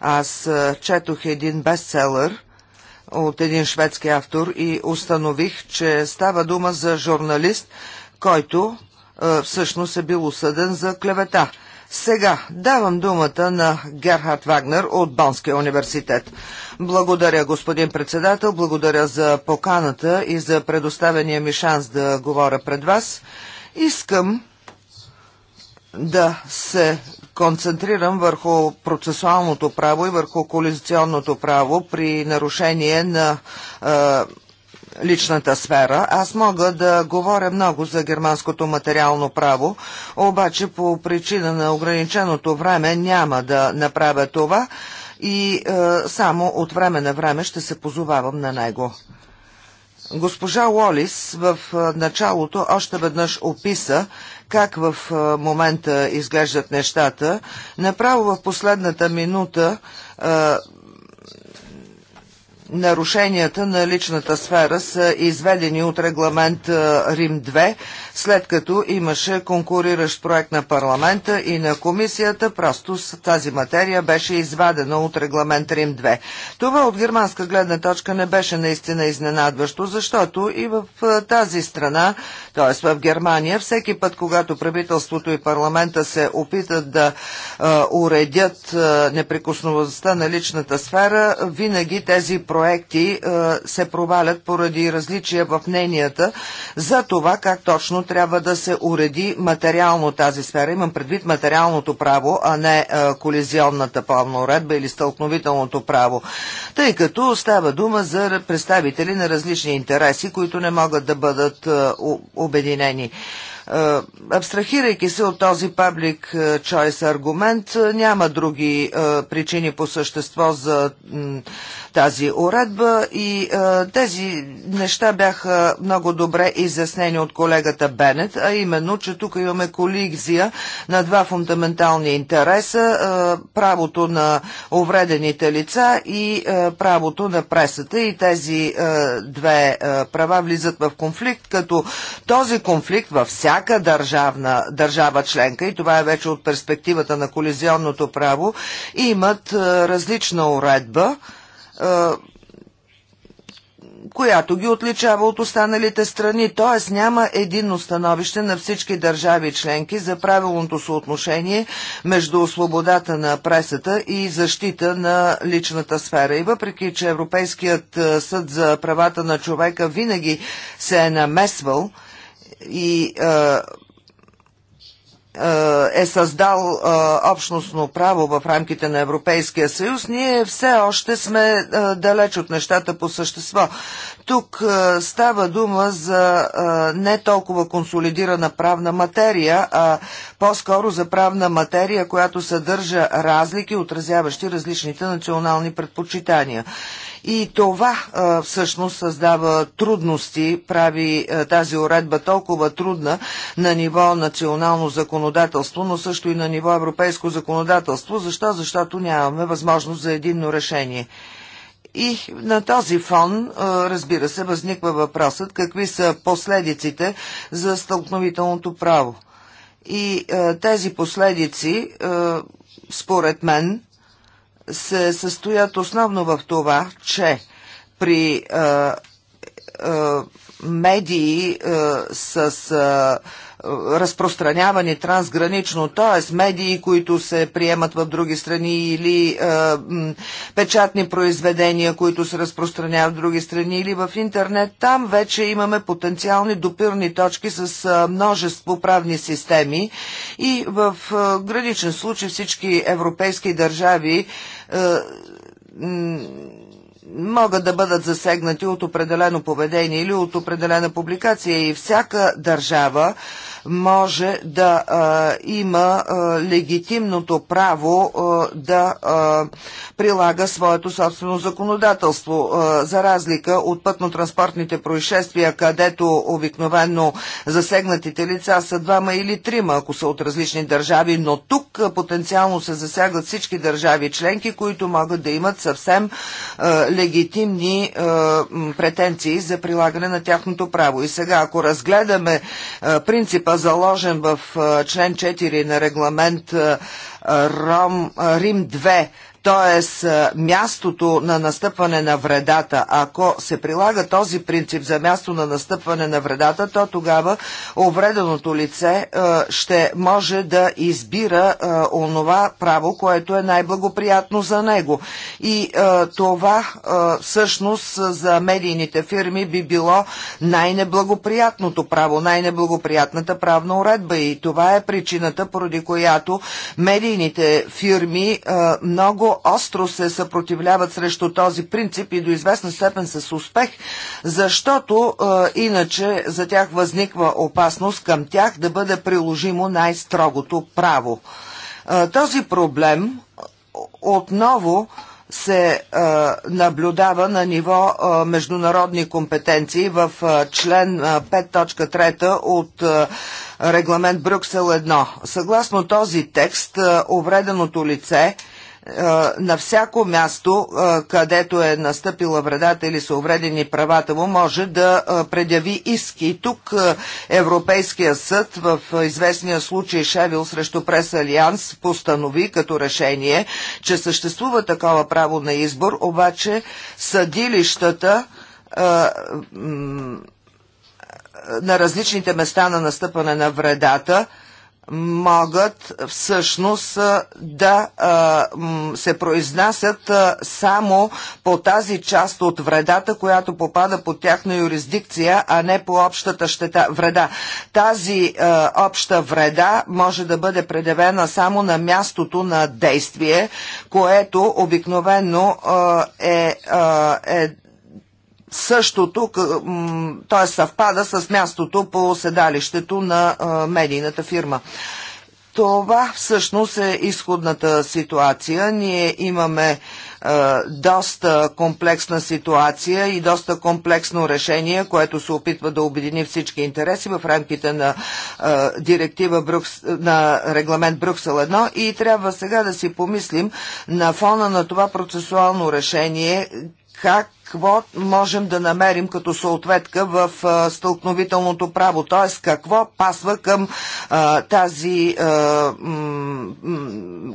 Аз четох един бестселър от един шведски автор и установих, че става дума за журналист, който всъщност е бил осъден за клевета. Сега давам думата на Герхард Вагнер от Банския университет. Благодаря, господин председател, благодаря за поканата и за предоставения ми шанс да говоря пред вас. Искам да се концентрирам върху процесуалното право и върху колизационното право при нарушение на личната сфера. Аз мога да говоря много за германското материално право, обаче по причина на ограниченото време няма да направя това и е, само от време на време ще се позовавам на него. Госпожа Уолис в е, началото още веднъж описа как в е, момента изглеждат нещата. Направо в последната минута е, нарушенията на личната сфера са изведени от регламент Рим 2, след като имаше конкуриращ проект на парламента и на комисията, просто тази материя беше извадена от регламент Рим 2. Това от германска гледна точка не беше наистина изненадващо, защото и в тази страна т.е. в Германия, всеки път, когато правителството и парламента се опитат да а, уредят а, на личната сфера, винаги тези проекти а, се провалят поради различия в мненията за това как точно трябва да се уреди материално тази сфера. Имам предвид материалното право, а не а, колизионната плавна уредба или стълкновителното право, тъй като става дума за представители на различни интереси, които не могат да бъдат а, обединени. Е, абстрахирайки се от този паблик choice е, аргумент, е, няма други причини по същество за тази уредба и тези неща бяха много добре изяснени от колегата Бенет, а именно, че тук имаме колизия на два фундаментални интереса – правото на увредените лица и правото на пресата и тези две права влизат в конфликт, като този конфликт във всяка всяка държавна, държава членка, и това е вече от перспективата на колизионното право, имат е, различна уредба, е, която ги отличава от останалите страни, т.е. няма единно становище на всички държави членки за правилното съотношение между свободата на пресата и защита на личната сфера. И въпреки, че Европейският е, съд за правата на човека винаги се е намесвал, и е, е създал общностно право в рамките на Европейския съюз, ние все още сме далеч от нещата по същество. Тук става дума за не толкова консолидирана правна материя, а по-скоро за правна материя, която съдържа разлики, отразяващи различните национални предпочитания. И това всъщност създава трудности, прави тази уредба толкова трудна на ниво национално законодателство, но също и на ниво европейско законодателство. Защо? Защото нямаме възможност за единно решение. И на този фон, разбира се, възниква въпросът какви са последиците за стълкновителното право. И тези последици, според мен, се състоят основно в това, че при а, а, медии а, с а, разпространявани трансгранично, т.е. медии, които се приемат в други страни или е, печатни произведения, които се разпространяват в други страни или в интернет, там вече имаме потенциални допирни точки с е, множество правни системи и в е, граничен случай всички европейски държави е, могат да бъдат засегнати от определено поведение или от определена публикация и всяка държава може да а, има а, легитимното право а, да а, прилага своето собствено законодателство. А, за разлика от пътно-транспортните происшествия, където обикновено засегнатите лица са двама или трима, ако са от различни държави, но тук а, потенциално се засягат всички държави членки, които могат да имат съвсем а, легитимни а, претенции за прилагане на тяхното право. И сега, ако разгледаме а, принципа заложен в член 4 на регламент Рим 2 т.е. мястото на настъпване на вредата. Ако се прилага този принцип за място на настъпване на вредата, то тогава увреденото лице е, ще може да избира е, онова право, което е най-благоприятно за него. И е, това всъщност за медийните фирми би било най-неблагоприятното право, най-неблагоприятната правна уредба. И това е причината, поради която медийните фирми много по остро се съпротивляват срещу този принцип и до известна степен с успех, защото е, иначе за тях възниква опасност към тях да бъде приложимо най-строгото право. Е, този проблем отново се е, наблюдава на ниво е, международни компетенции в е, член 5.3 от е, регламент Брюксел 1. Съгласно този текст, е, увреденото лице е, е, на всяко място, е, където е настъпила вредата или са увредени правата му, може да е, предяви иск. И тук Европейския съд в известния случай Шевил срещу Прес Алианс постанови като решение, че съществува такова право на избор, обаче съдилищата на различните места на настъпане на вредата – могат всъщност да се произнасят само по тази част от вредата, която попада под тяхна юрисдикция, а не по общата щета, вреда. Тази обща вреда може да бъде предявена само на мястото на действие, което обикновено е, е същото, т.е. съвпада с мястото по седалището на медийната фирма. Това всъщност е изходната ситуация. Ние имаме доста комплексна ситуация и доста комплексно решение, което се опитва да обедини всички интереси в рамките на е, директива Брюкс, на регламент Брюксел 1 и трябва сега да си помислим на фона на това процесуално решение как какво можем да намерим като съответка в стълкновителното право, т.е. какво пасва към а, тази а,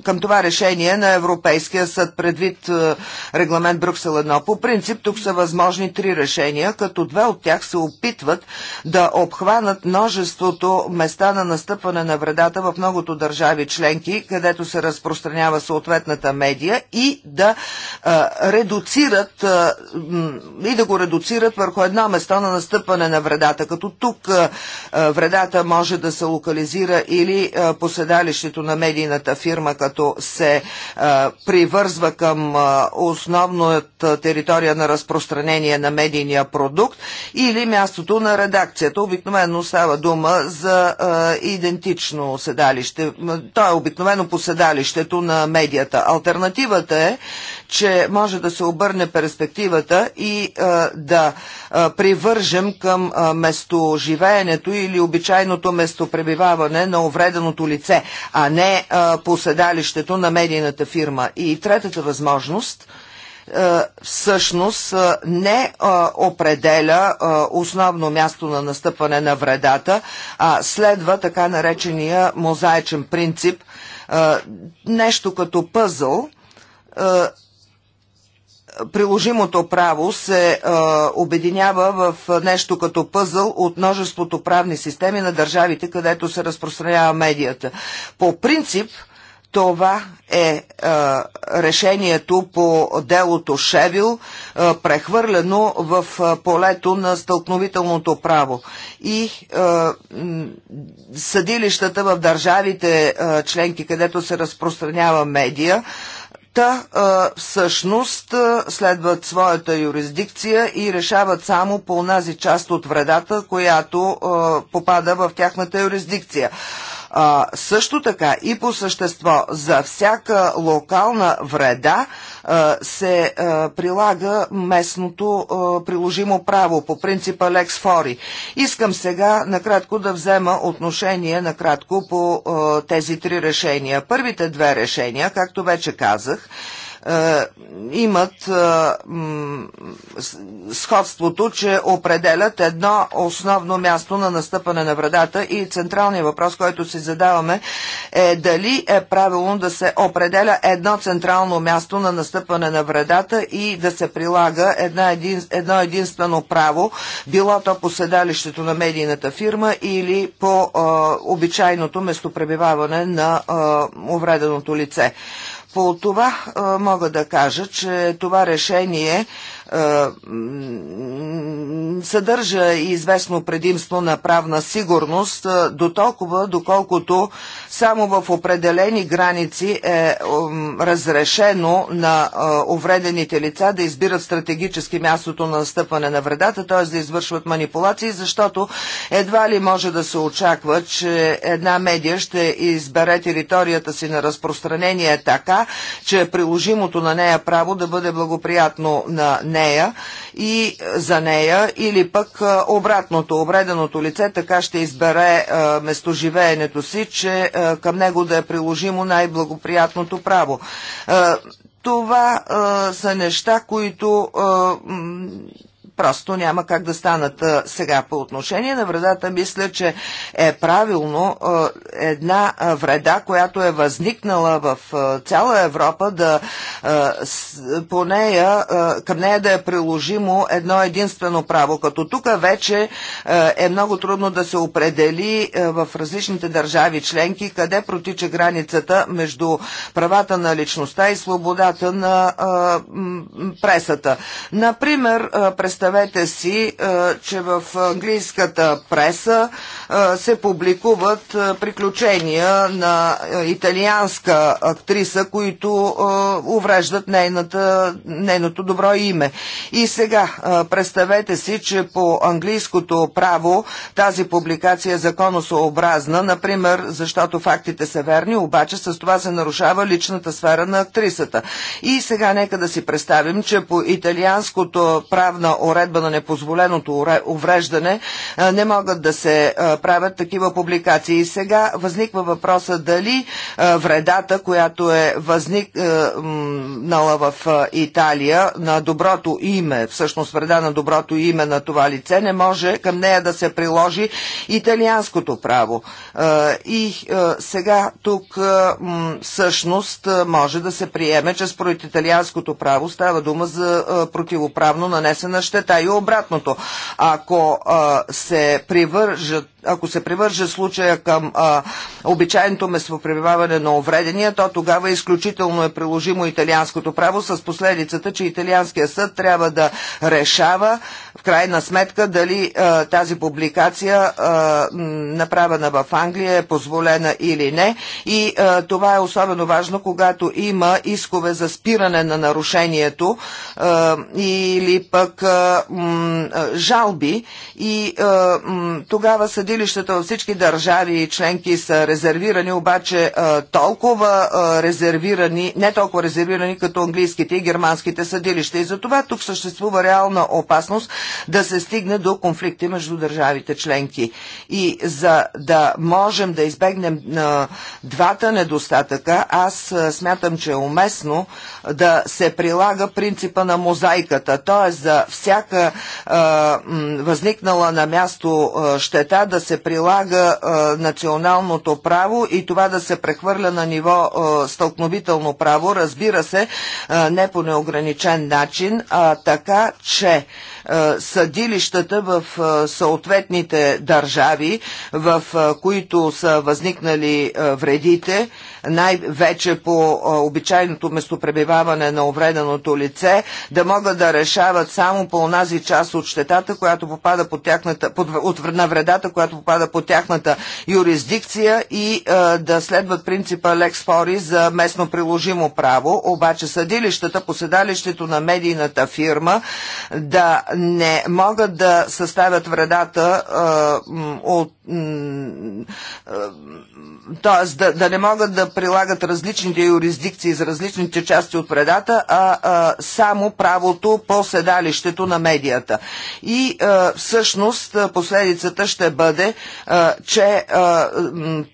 към това решение на Европейския съд предвид а, регламент Брюксел 1. По принцип тук са възможни три решения, като две от тях се опитват да обхванат множеството места на настъпване на вредата в многото държави членки, където се разпространява съответната медия и да а, редуцират а, и да го редуцират върху едно место на настъпване на вредата, като тук вредата може да се локализира или по седалището на медийната фирма, като се привързва към основната територия на разпространение на медийния продукт или мястото на редакцията. Обикновено става дума за идентично седалище. То е обикновено по седалището на медията. Альтернативата е че може да се обърне перспективата и а, е, да а, е, привържем към а, е, местоживеенето или обичайното местопребиваване на увреденото лице, а не а, по седалището на медийната фирма. И третата възможност всъщност не определя основно място на настъпване на вредата, а следва така наречения мозаичен принцип, нещо като пъзъл, приложимото право се е, обединява в нещо като пъзъл от множеството правни системи на държавите, където се разпространява медията. По принцип, това е, е решението по делото Шевил, е, прехвърлено в е, полето на стълкновителното право. И е, съдилищата в държавите е, членки, където се разпространява медия, Та а, всъщност следват своята юрисдикция и решават само по онази част от вредата, която а, попада в тяхната юрисдикция. А, също така и по същество за всяка локална вреда а, се а, прилага местното а, приложимо право по принципа Лекс Фори. Искам сега накратко да взема отношение накратко по а, тези три решения. Първите две решения, както вече казах, е, имат е, сходството, че определят едно основно място на настъпане на вредата и централният въпрос, който си задаваме е дали е правилно да се определя едно централно място на настъпане на вредата и да се прилага една един, едно единствено право, било то по седалището на медийната фирма или по а, е, обичайното местопребиваване на а, увреденото лице. По това мога да кажа, че това решение съдържа и известно предимство на правна сигурност, до толкова, доколкото само в определени граници е разрешено на увредените лица да избират стратегически мястото на настъпване на вредата, т.е. да извършват манипулации, защото едва ли може да се очаква, че една медия ще избере територията си на разпространение така, че приложимото на нея право да бъде благоприятно на нея нея и за нея или пък обратното, обреденото лице така ще избере местоживеенето си, че към него да е приложимо най-благоприятното право. Това са неща, които просто няма как да станат сега по отношение на вредата. Мисля, че е правилно една вреда, която е възникнала в цяла Европа, да по нея, към нея да е приложимо едно единствено право. Като тук вече е много трудно да се определи в различните държави членки, къде протича границата между правата на личността и свободата на пресата. Например, през представете си, е, че в английската преса е, се публикуват е, приключения на италианска актриса, които увреждат нейната, нейното добро име. И сега представете си, че по английското право тази публикация е законосообразна, например, защото фактите са верни, обаче с това се нарушава личната сфера на актрисата. И сега нека да си представим, че по италианското правна уредба на непозволеното увреждане, не могат да се правят такива публикации. И сега възниква въпроса дали вредата, която е възникнала в Италия на доброто име, всъщност вреда на доброто име на това лице, не може към нея да се приложи италианското право. И сега тук всъщност може да се приеме, че според италианското право става дума за противоправно нанесена щета света и обратното. Ако а, се привържат ако се привържа случая към а, обичайното местопребиваване на увредения, то тогава изключително е приложимо италианското право с последицата, че италианския съд трябва да решава в крайна сметка дали а, тази публикация а, направена в Англия е позволена или не. И а, това е особено важно, когато има искове за спиране на нарушението а, или пък а, м, жалби и м, тогава съдилищата във всички държави и членки са резервирани, обаче толкова резервирани, не толкова резервирани като английските и германските съдилища. И затова тук съществува реална опасност да се стигне до конфликти между държавите членки. И за да можем да избегнем а, двата недостатъка, аз а, смятам, че е уместно да се прилага принципа на мозайката, т.е. за всяка всяка възникнала на място щета да се прилага националното право и това да се прехвърля на ниво стълкновително право, разбира се, не по неограничен начин, а така, че съдилищата в съответните държави, в които са възникнали вредите, най-вече по обичайното местопребиваване на увреденото лице, да могат да решават само по онази част от щетата, която попада по тяхната, под, от, на вредата, която попада по тяхната юрисдикция и а, да следват принципа Lex Fori за местно приложимо право, обаче съдилищата по седалището на медийната фирма да не могат да съставят вредата а, от т.е. Да, да не могат да прилагат различните юрисдикции за различните части от предата, а, а само правото по седалището на медията. И а, всъщност последицата ще бъде, а, че а,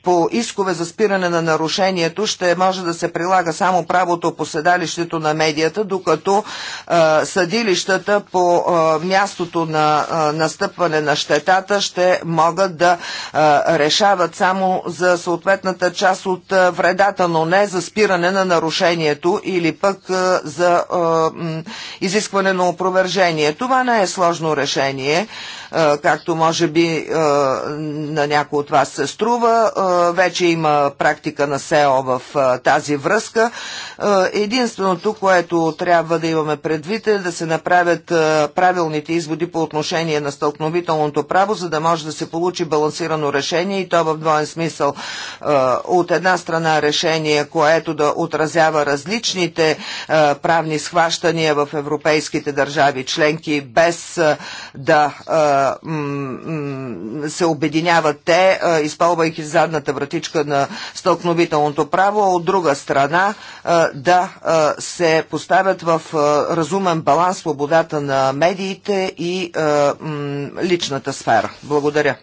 по искове за спиране на нарушението ще може да се прилага само правото по седалището на медията, докато а, съдилищата по а, мястото на а, настъпване на щетата ще могат да а, решават само за съответната част от време но не за спиране на нарушението или пък за изискване на опровержение. Това не е сложно решение, както може би на някои от вас се струва. Вече има практика на СЕО в тази връзка. Единственото, което трябва да имаме предвид е да се направят правилните изводи по отношение на стълкновителното право, за да може да се получи балансирано решение и то в двоен смисъл. От една страна решение, което да отразява различните е, правни схващания в европейските държави членки, без е, да е, се обединяват те, използвайки задната вратичка на стълкновителното право, а от друга страна да се поставят в разумен баланс свободата на медиите и личната сфера. Благодаря.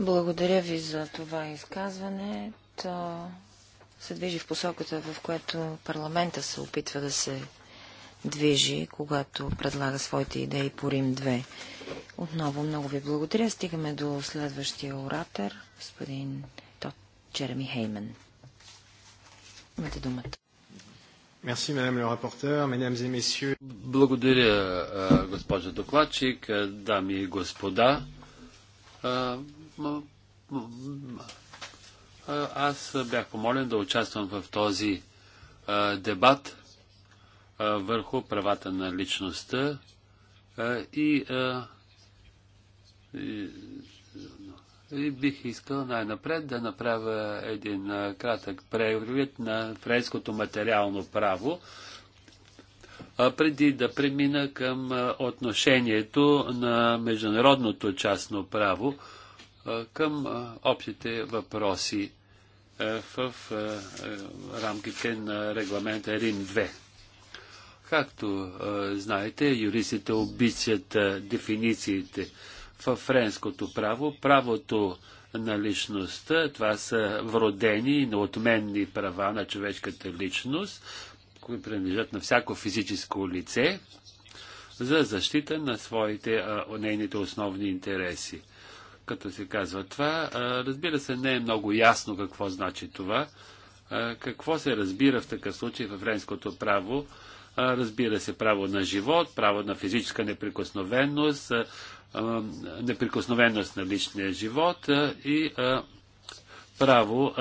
Благодаря ви за това изказване а, се движи в посоката, в която парламента се опитва да се движи, когато предлага своите идеи по Рим 2. Отново много ви благодаря. Стигаме до следващия оратор, господин Тот Джереми Хейман. Имате думата. Merci, le rapporteur, mesdames et messieurs. Благодаря, госпожа докладчик, дами и господа. Аз бях помолен да участвам в този дебат върху правата на личността и, и, и бих искал най-напред да направя един кратък преглед на френското материално право, преди да премина към отношението на международното частно право към общите въпроси е, в е, е, рамките на регламента Рим 2. Както знаете, юристите обичат дефинициите в френското право. Правото на личността, това са вродени и неотменни права на човешката личност, които принадлежат на всяко физическо лице за защита на своите, нейните основни интереси като се казва това. Разбира се, не е много ясно какво значи това. Какво се разбира в такъв случай в френското право? Разбира се, право на живот, право на физическа неприкосновеност, неприкосновеност на личния живот и право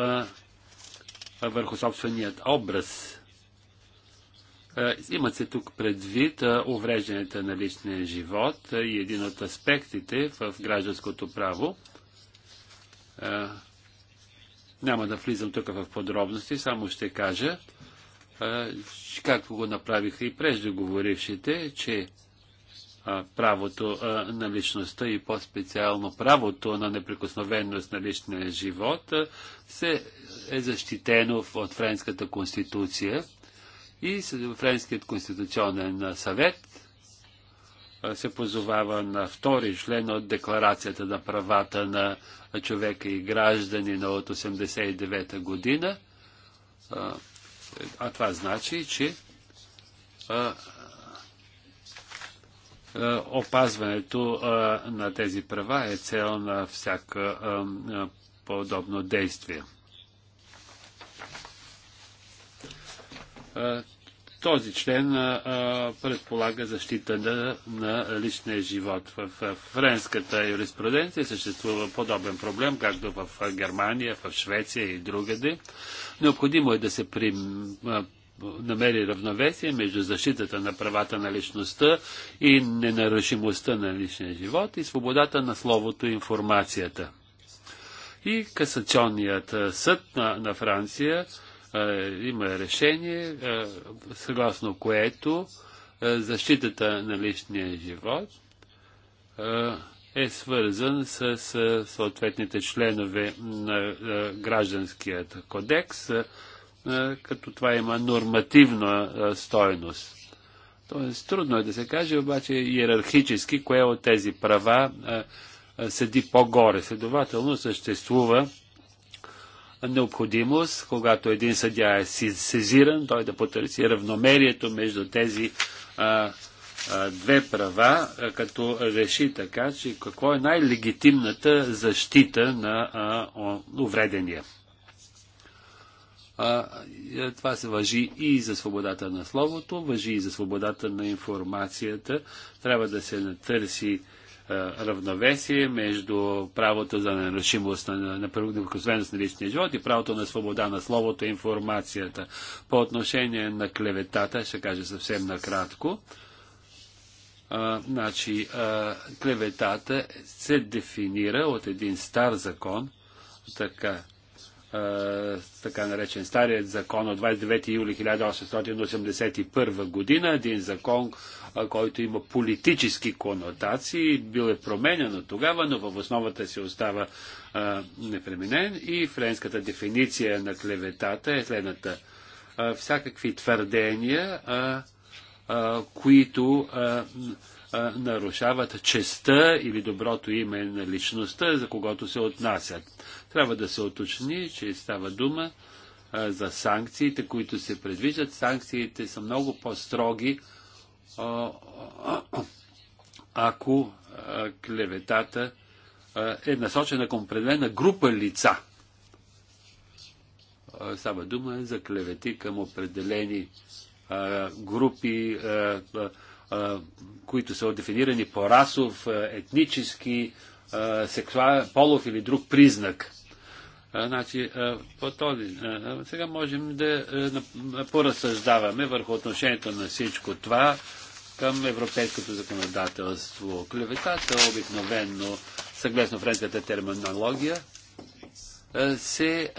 върху собственият образ е, имат се тук предвид е, увреждането на личния живот е, и един от аспектите в гражданското право. Няма да влизам тук в подробности, само ще кажа, както го направиха и преждеговорившите, че правото на личността и по-специално правото на неприкосновеност на личния живот се е защитено от Френската конституция – и Френският конституционен съвет се позовава на втори член от Декларацията на правата на човека и гражданина от 1989 година. А това значи, че опазването на тези права е цел на всяка подобно действие. този член предполага защита на, на личния живот. В, френската юриспруденция съществува подобен проблем, както в Германия, в Швеция и другаде. Необходимо е да се при, намери равновесие между защитата на правата на личността и ненарушимостта на личния живот и свободата на словото и информацията. И касационният съд на, на Франция има решение, съгласно което защитата на личния живот е свързан с съответните членове на гражданският кодекс, като това има нормативна стойност. Тоест, трудно е да се каже, обаче иерархически, кое от тези права седи по-горе. Следователно съществува необходимост, когато един съдя е сезиран, той да потърси равномерието между тези а, а, две права, а, като реши така, че какво е най-легитимната защита на а, о, увредения. А, това се въжи и за свободата на словото, въжи и за свободата на информацията. Трябва да се натърси е, равновесие между правото за нарушимост на, на, на, на личния живот и правото на свобода на словото и информацията. По отношение на клеветата, ще кажа съвсем накратко. А, значи, а, клеветата се дефинира от един стар закон, така, а, така наречен старият закон от 29 юли 1881 година, един закон, който има политически конотации, бил е променен от тогава, но в основата си остава а, непременен и френската дефиниция на клеветата е следната. А, всякакви твърдения, а, а, които а, а, нарушават честа или доброто име на личността, за когото се отнасят. Трябва да се оточни, че става дума за санкциите, които се предвиждат. Санкциите са много по-строги ако клеветата е насочена към определена група лица. Става дума е за клевети към определени групи, които са дефинирани по расов, етнически, сексуал, полов или друг признак. Значи, по този, сега можем да поразсъждаваме върху отношението на всичко това, към европейското законодателство. Клеветата обикновенно, съгласно френската терминология, се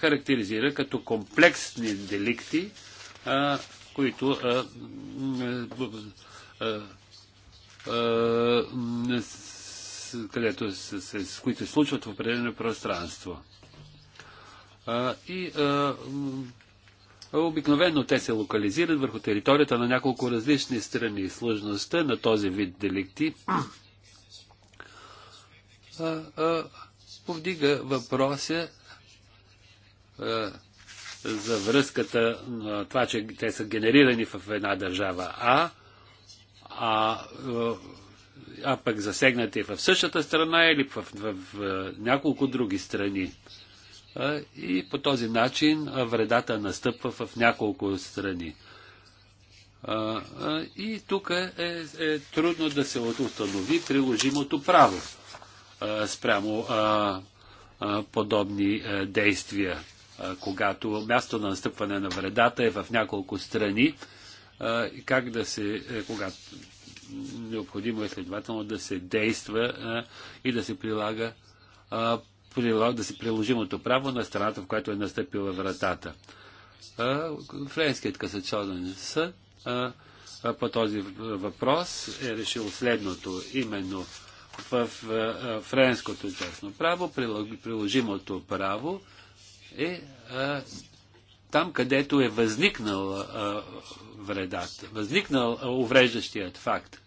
характеризира като комплексни деликти, които където с, с, с които се случват в определено пространство. И Обикновено те се локализират върху територията на няколко различни страни. Сложността на този вид деликти повдига въпроса за връзката на това, че те са генерирани в една държава А, а, а пък засегнати в същата страна или в, в, в няколко други страни и по този начин вредата настъпва в няколко страни. И тук е, е, е трудно да се установи приложимото право спрямо подобни е, действия, когато място на настъпване на вредата е в няколко страни и как да се, е, когато необходимо е следователно да се действа и да се прилага да си приложимото право на страната, в която е настъпила вратата. Френският касационен съд по този въпрос е решил следното, именно в френското частно право, приложимото право е там, където е възникнал вредата, възникнал увреждащият факт.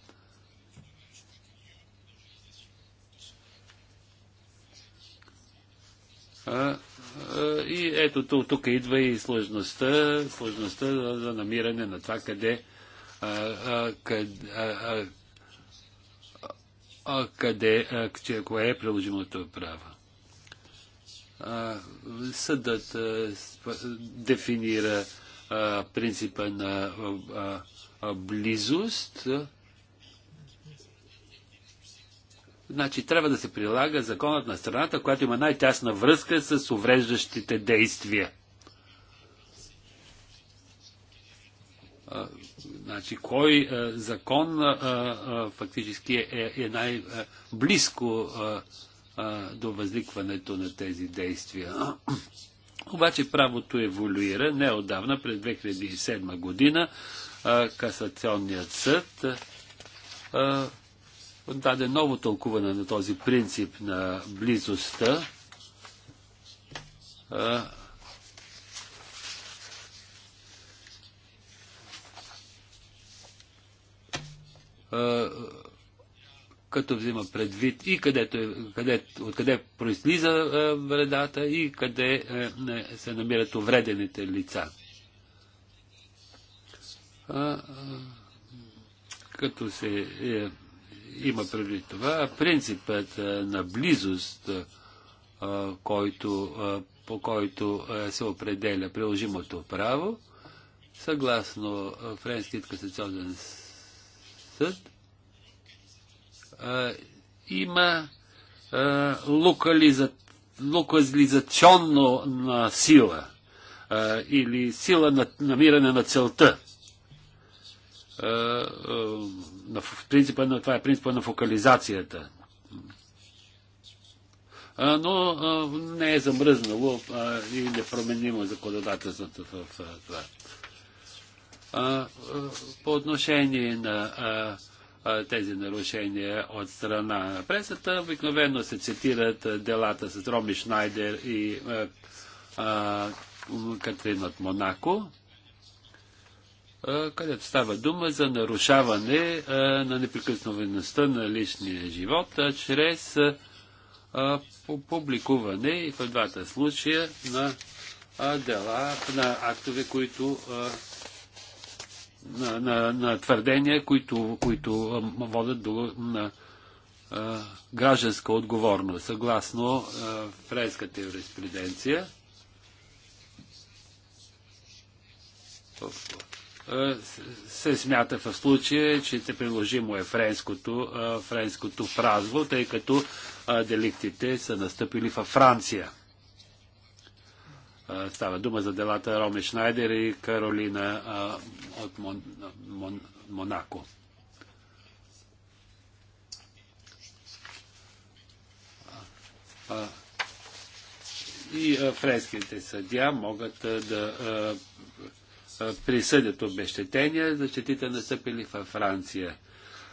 И ето тук идва и сложността, сложността за намиране на това къде, къде, къде кое е приложимото право. Съдът дефинира принципа на близост Значи трябва да се прилага законът на страната, която има най-тясна връзка с увреждащите действия. значи, кой а, закон а, фактически е, е, е най-близко до възникването на тези действия. Обаче правото еволюира отдавна, през 2007 година, касационният съд даде ново тълкуване на този принцип на близостта. като взима предвид и където, е, къде, откъде произлиза вредата и къде е, се намират увредените лица. като се е, има предвид това, а принципът на близост, който, по който се определя приложимото право, съгласно Френският касационен съд, има локализационна сила или сила на намиране на целта е, е, на принципа на, това е принципа на фокализацията. Е, но не е замръзнало и непроменимо законодателството в това. По отношение на тези нарушения от страна на пресата, обикновено се цитират делата с Роми Шнайдер и Катрин от Монако където става дума за нарушаване на неприкосновеността на личния живот чрез публикуване и в двата случая на дела, на актове, които на, на, на твърдения, които, които водят до на, гражданска отговорност, съгласно френската юриспруденция. Е, се смята в случая, че се приложимо е френското, е, френското празво, тъй като е, деликтите са настъпили във Франция. Става дума за делата Роме Шнайдер и Каролина от Мон, Мон, Монако. И френските съдя могат да присъдят обещетения за щетите настъпили във Франция.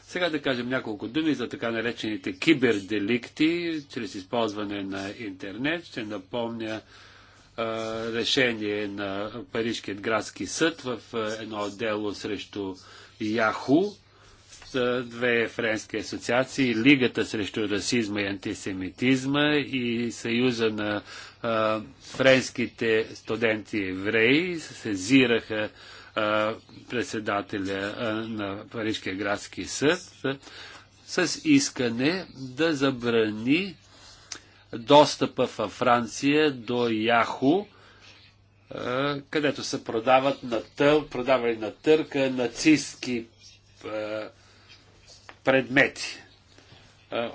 Сега да кажем няколко думи за така наречените киберделикти, чрез използване на интернет. Ще напомня а, решение на Парижкият градски съд в едно дело срещу Яху, две френски асоциации, Лигата срещу расизма и антисемитизма и Съюза на френските студенти евреи сезираха председателя на Парижкия градски съд с искане да забрани достъпа във Франция до Яху, където се продават на тъл, продавали на търка нацистски предмети.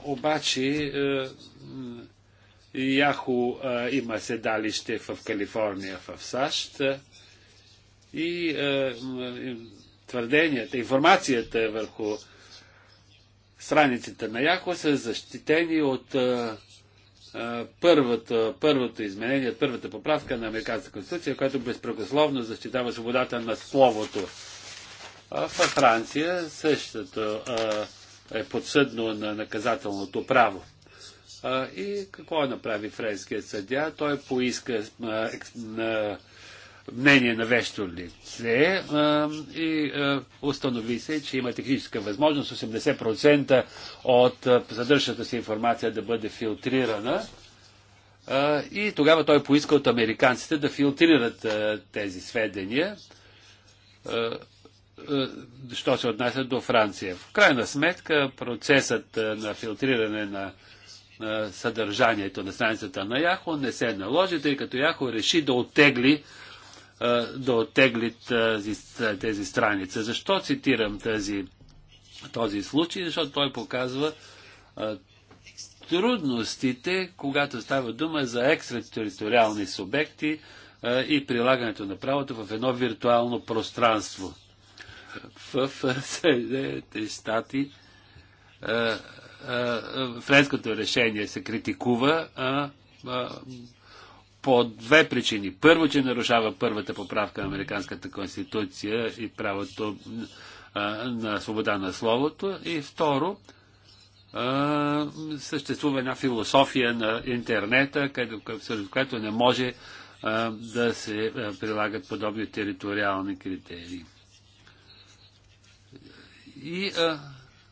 обаче Яхо има седалище в Калифорния, в САЩ. И твърденията, информацията върху страниците на Яхо са защитени от първото, първото изменение, първата поправка на Американската конституция, която безпрекословно защитава свободата на словото. Във Франция същото е подсъдно на наказателното право. И какво е направи френският съдя? Той поиска мнение на вещо лице и установи се, че има техническа възможност 80% от съдържащата се информация да бъде филтрирана. И тогава той поиска от американците да филтрират тези сведения, що се отнася до Франция. В крайна сметка процесът на филтриране на е, съдържанието на страницата на Яхо не се наложи, тъй като Яхо реши да оттегли е, да оттегли тази, тези страница. Защо цитирам тази, този случай? Защото той показва е, трудностите, когато става дума за екстратериториални субекти и прилагането на правото в едно виртуално пространство. В Съединените щати френското решение се критикува а, а, по две причини. Първо, че нарушава първата поправка на Американската конституция и правото а, на свобода на словото. И второ, а, съществува една философия на интернета, където, която не може а, да се прилагат подобни териториални критерии. И а,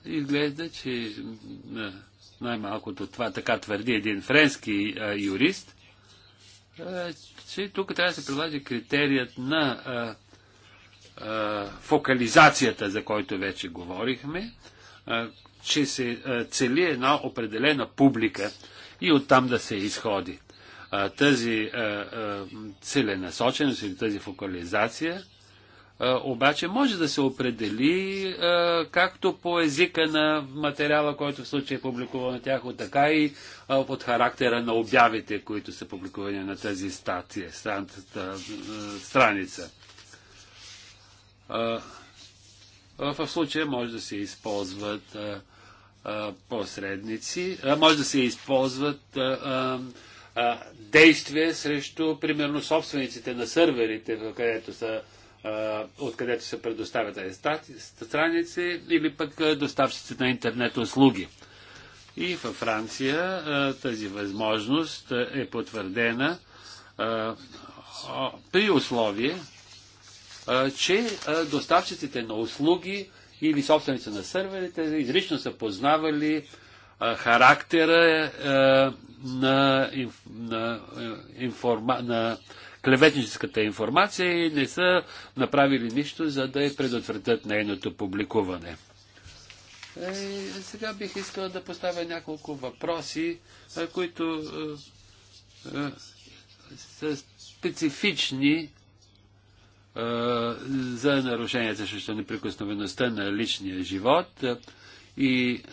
Изглежда, че най-малкото това така твърди един френски а, юрист, а, че тук трябва да се прилага критерият на а, а, фокализацията, за който вече говорихме, а, че се а, цели една определена публика и оттам да се изходи. А, тази а, а, целенасоченост или тази фокализация е, обаче може да се определи е, както по езика на материала, който в случай е публикуван тях, така и под е, характера на обявите, които са публикувани на тази статия, страница. В случая може да се използват посредници, може да се използват действия срещу, примерно, собствениците на серверите, където са откъдето се предоставят тези страници, или пък доставчици на интернет услуги. И във Франция тази възможност е потвърдена при условие, че доставчиците на услуги или собственици на серверите изрично са познавали характера на, на, на клеветническата информация и не са направили нищо, за да я предотвратят нейното публикуване. Е, сега бих искал да поставя няколко въпроси, е, които е, е, са специфични е, за нарушенията срещу неприкосновеността на личния живот е, и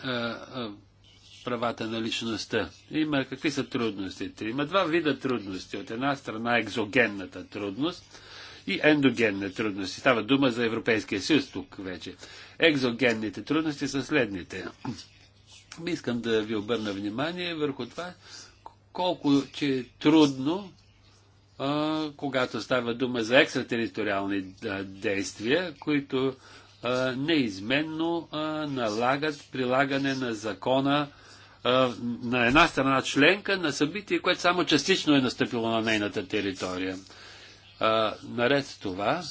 правата на личността. Има какви са трудностите? Има два вида трудности. От една страна екзогенната трудност и ендогенна трудност. Става дума за Европейския съюз тук вече. Екзогенните трудности са следните. Искам да ви обърна внимание върху това, колко че е трудно, а, когато става дума за екстратериториални действия, които неизменно а, налагат прилагане на закона на една страна членка на събитие, което само частично е настъпило на нейната територия. А, наред с това,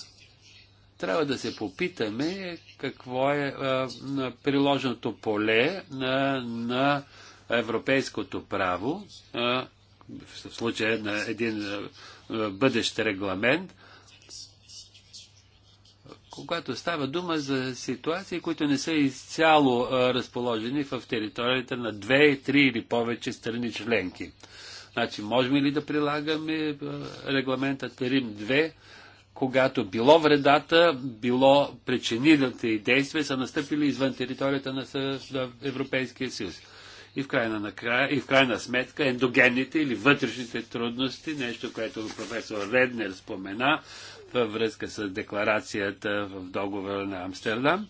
трябва да се попитаме какво е а, приложеното поле на, на европейското право, а, в случая на един а, бъдещ регламент, когато става дума за ситуации, които не са изцяло разположени в територията на две, три или повече страни членки. Значи, можем ли да прилагаме регламентът Рим 2, когато било вредата, било причинилите и действия са настъпили извън територията на Европейския съюз? И в, крайна, и в крайна сметка ендогенните или вътрешните трудности, нещо, което професор Реднер спомена, във връзка с декларацията в договора на Амстердам,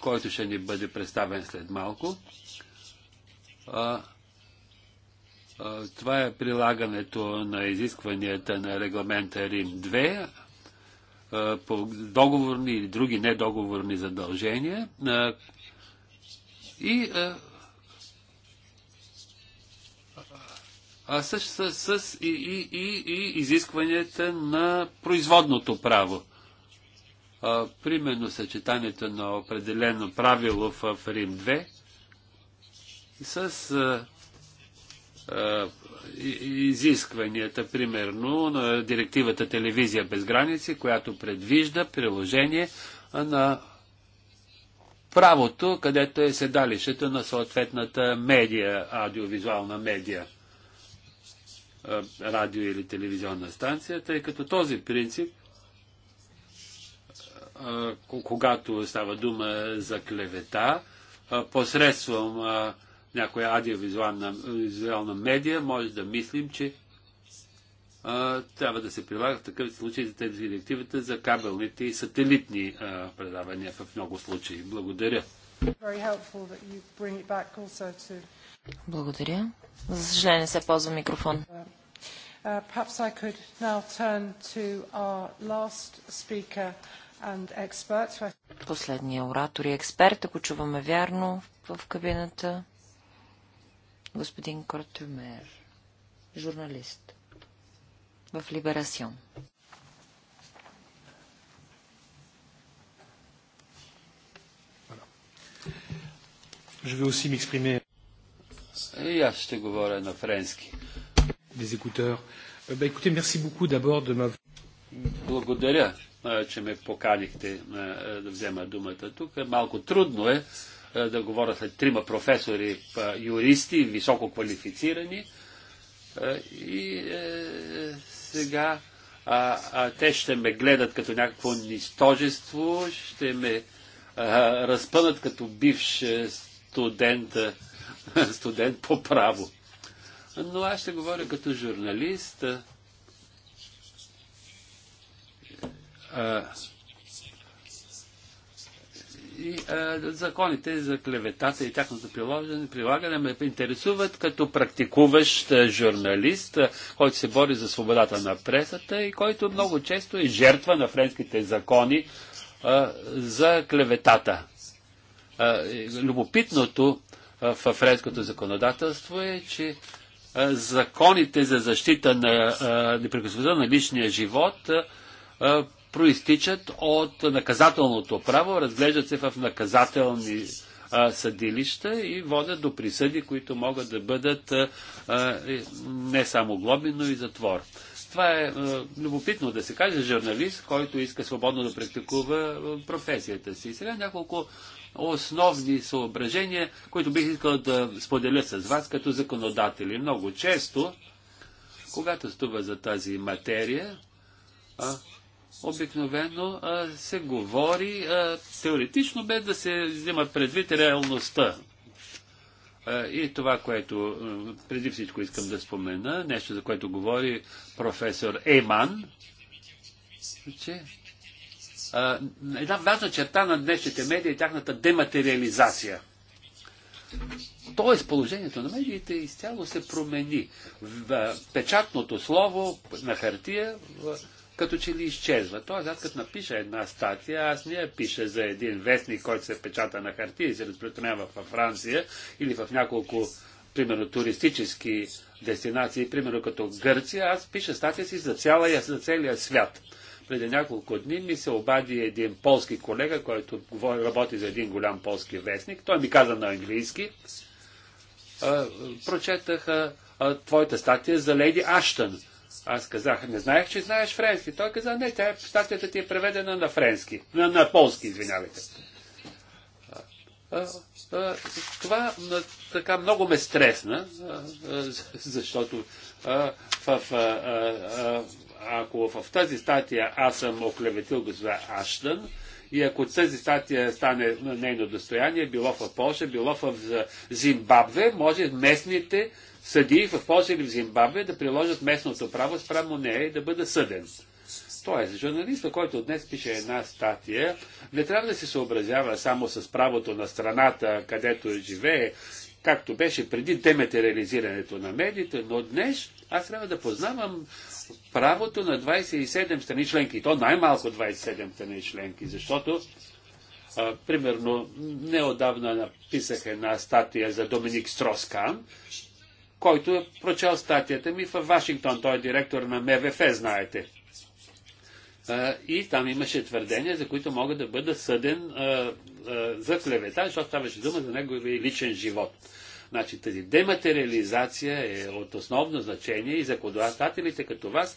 който ще ни бъде представен след малко. Това е прилагането на изискванията на регламента Рим 2 по договорни или други недоговорни задължения и а с, с, с и, и, и, и изискванията на производното право. А, примерно съчетанието на определено правило в, в Рим 2 с а, а, изискванията, примерно на директивата Телевизия без граници, която предвижда приложение на правото, където е седалището на съответната медия, аудиовизуална медия радио или телевизионна станция, тъй като този принцип, когато става дума за клевета, посредством някоя аудиовизуална медия, може да мислим, че трябва да се прилага в такъв случай за тези директивата за кабелните и сателитни предавания в много случаи. Благодаря. Благодаря. За съжаление се ползва микрофон. Uh, Последния оратор и експерт, ако чуваме вярно в кабината, господин Кортюмер, журналист в Либерасион. Je veux aussi m'exprimer. И аз ще говоря на френски. Euh, Благодаря, че ме поканихте да взема думата тук. Малко трудно е да говоря след трима професори, юристи, високо квалифицирани. И е, сега а, а, те ще ме гледат като някакво нистожество, ще ме а, разпънат като бивш е, студент студент по право. Но аз ще говоря като журналист. А, и а, законите за клеветата и тяхното прилагане, прилагане ме интересуват като практикуващ журналист, който се бори за свободата на пресата и който много често е жертва на френските закони а, за клеветата. А, любопитното в френското законодателство е, че законите за защита на неприкосновеността на личния живот проистичат от наказателното право, разглеждат се в наказателни съдилища и водят до присъди, които могат да бъдат не само глоби, но и затвор. Това е любопитно да се каже журналист, който иска свободно да практикува професията си. Сега няколко основни съображения, които бих искал да споделя с вас като законодатели. Много често, когато стува за тази материя, а, обикновено а, се говори а, теоретично без да се взима предвид реалността. А, и това, което а, преди всичко искам да спомена, нещо за което говори професор Ейман, че една важна черта на днешните медии е тяхната дематериализация. Тоест положението на медиите изцяло се промени. В печатното слово на хартия като че ли изчезва. Тоест аз като напиша една статия, аз не я пиша за един вестник, който се печата на хартия и се разпространява във Франция или в няколко, примерно, туристически дестинации, примерно като Гърция, аз пиша статия си за, цяла, за целия свят преди няколко дни ми се обади един полски колега, който работи за един голям полски вестник. Той ми каза на английски. Прочетах твоята статия за Леди Аштън. Аз казах, не знаех, че знаеш френски. Той каза, не, тя, статията ти е преведена на френски. На, на полски, извинявайте. това така много ме стресна, защото в ако в тази статия аз съм оклеветил госпожа Аштън, и ако тази статия стане нейно достояние, било в Польша, било в Зимбабве, може местните съдии в Польша или в Зимбабве да приложат местното право спрямо нея и да бъде съден. Тоест, журналиста, който днес пише една статия, не трябва да се съобразява само с правото на страната, където живее, както беше преди реализирането на медиите, но днес аз трябва да познавам правото на 27 страни членки, и то най-малко 27 страни членки, защото а, примерно неодавна написах една статия за Доминик Строскан, който е прочел статията ми в Вашингтон. Той е директор на МВФ, знаете. А, и там имаше твърдения, за които мога да бъда съден а, а, за клевета, защото ставаше дума за неговия личен живот. Значи тази дематериализация е от основно значение и законодателите като вас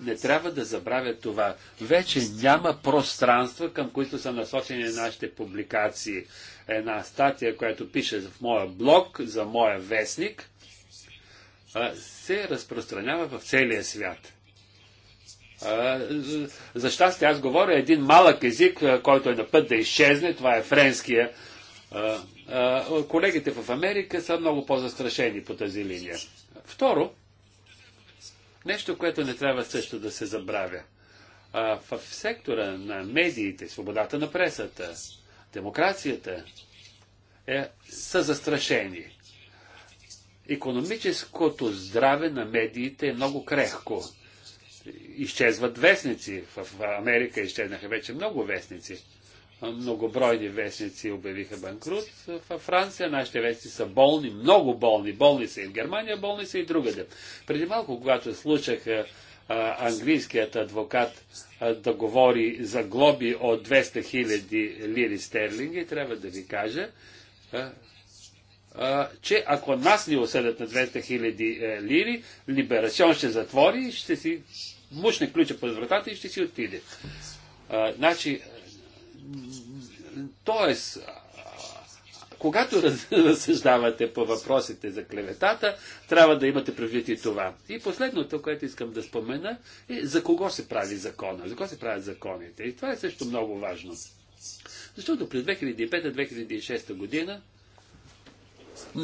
не трябва да забравят това. Вече няма пространства, към които са насочени нашите публикации. Една статия, която пише в моя блог, за моя вестник, се разпространява в целия свят. За щастие, аз говоря един малък език, който е на път да изчезне. Това е френския колегите в Америка са много по-застрашени по тази линия. Второ, нещо, което не трябва също да се забравя. В сектора на медиите, свободата на пресата, демокрацията е, са застрашени. Економическото здраве на медиите е много крехко. Изчезват вестници. В Америка изчезнаха вече много вестници многобройни вестници обявиха банкрут. Във Франция нашите вестници са болни, много болни. Болни са и в Германия, болни са и другаде. Преди малко, когато случах английският адвокат да говори за глоби от 200 хиляди лири стерлинги, трябва да ви кажа, че ако нас ни осъдят на 200 хиляди е, лири, Либерацион ще затвори, и ще си мушне ключа под вратата и ще си отиде. А, значи, Тоест, когато разсъждавате по въпросите за клеветата, трябва да имате предвид и това. И последното, което искам да спомена, е за кого се прави закона, за кого се правят законите. И това е също много важно. Защото през 2005-2006 година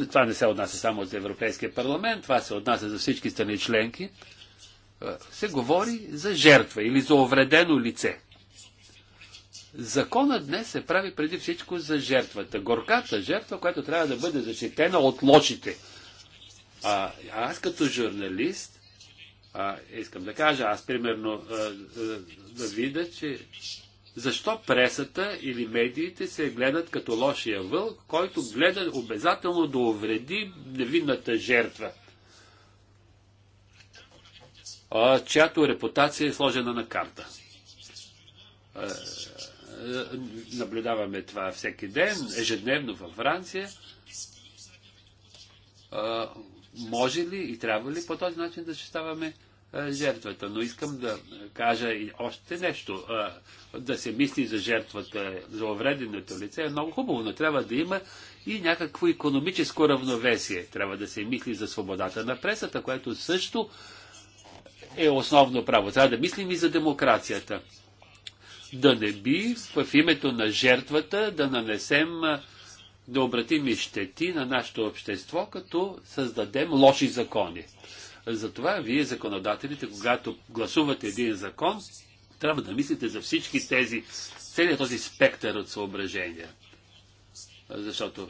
това не се отнася само за Европейския парламент, това се отнася за всички страни членки, се говори за жертва или за увредено лице. Закона днес се прави преди всичко за жертвата. Горката жертва, която трябва да бъде защитена от лошите. А, аз като журналист а, искам да кажа, аз примерно а, а, да видя, че защо пресата или медиите се гледат като лошия вълк, който гледа обязателно да увреди невинната жертва, а, чиято репутация е сложена на карта. Е, наблюдаваме това всеки ден, ежедневно във Франция. Е, може ли и трябва ли по този начин да ставаме е, жертвата? Но искам да кажа и още нещо. Да се мисли за жертвата, за увреденото лице е много хубаво, но трябва да има и някакво економическо равновесие. Трябва да се мисли за свободата на пресата, което също е основно право. Трябва да мислим и за демокрацията да не би в името на жертвата да нанесем да обратим и щети на нашето общество, като създадем лоши закони. Затова вие, законодателите, когато гласувате един закон, трябва да мислите за всички тези, целият този спектър от съображения. Защото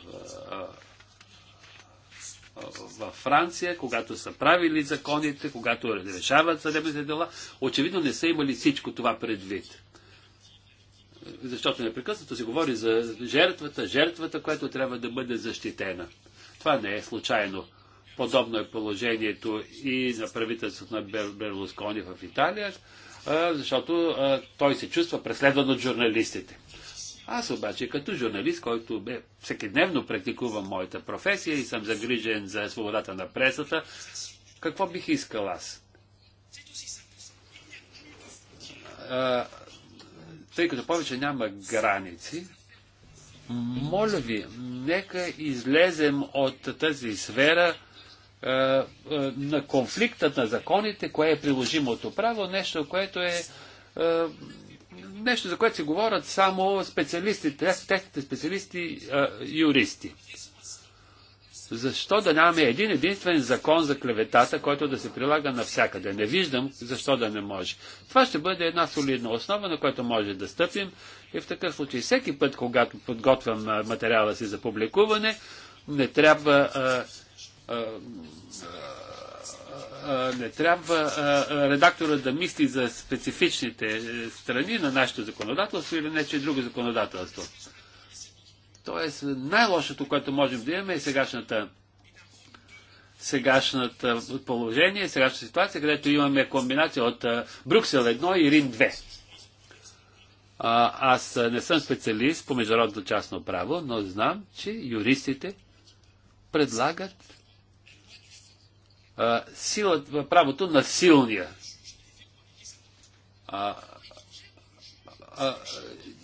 във Франция, когато са правили законите, когато решават съдебните дела, очевидно не са имали всичко това предвид защото непрекъснато се говори за жертвата, жертвата, която трябва да бъде защитена. Това не е случайно. Подобно е положението и на правителството на Бер Берлускони в Италия, защото той се чувства преследван от журналистите. Аз обаче, като журналист, който бе, всекидневно практикувам моята професия и съм загрижен за свободата на пресата, какво бих искал аз? тъй като повече няма граници, моля ви, нека излезем от тази сфера е, е на конфликтът на законите, кое е приложимото право, нещо, което е, е нещо, за което се говорят само специалистите, техните специалисти, е, юристи. Защо да нямаме един единствен закон за клеветата, който да се прилага навсякъде? Не виждам защо да не може. Това ще бъде една солидна основа, на която може да стъпим и в такъв случай всеки път, когато подготвям материала си за публикуване, не трябва а, а, не трябва редактора да мисли за специфичните е, страни на нашето законодателство или нече е друго законодателство. Тоест, най-лошото, което можем да имаме е сегашната сегашната положение, сегашната ситуация, където имаме комбинация от Брюксел 1 и Рим 2. А, аз не съм специалист по международно частно право, но знам, че юристите предлагат а, силът, правото на силния. А, а,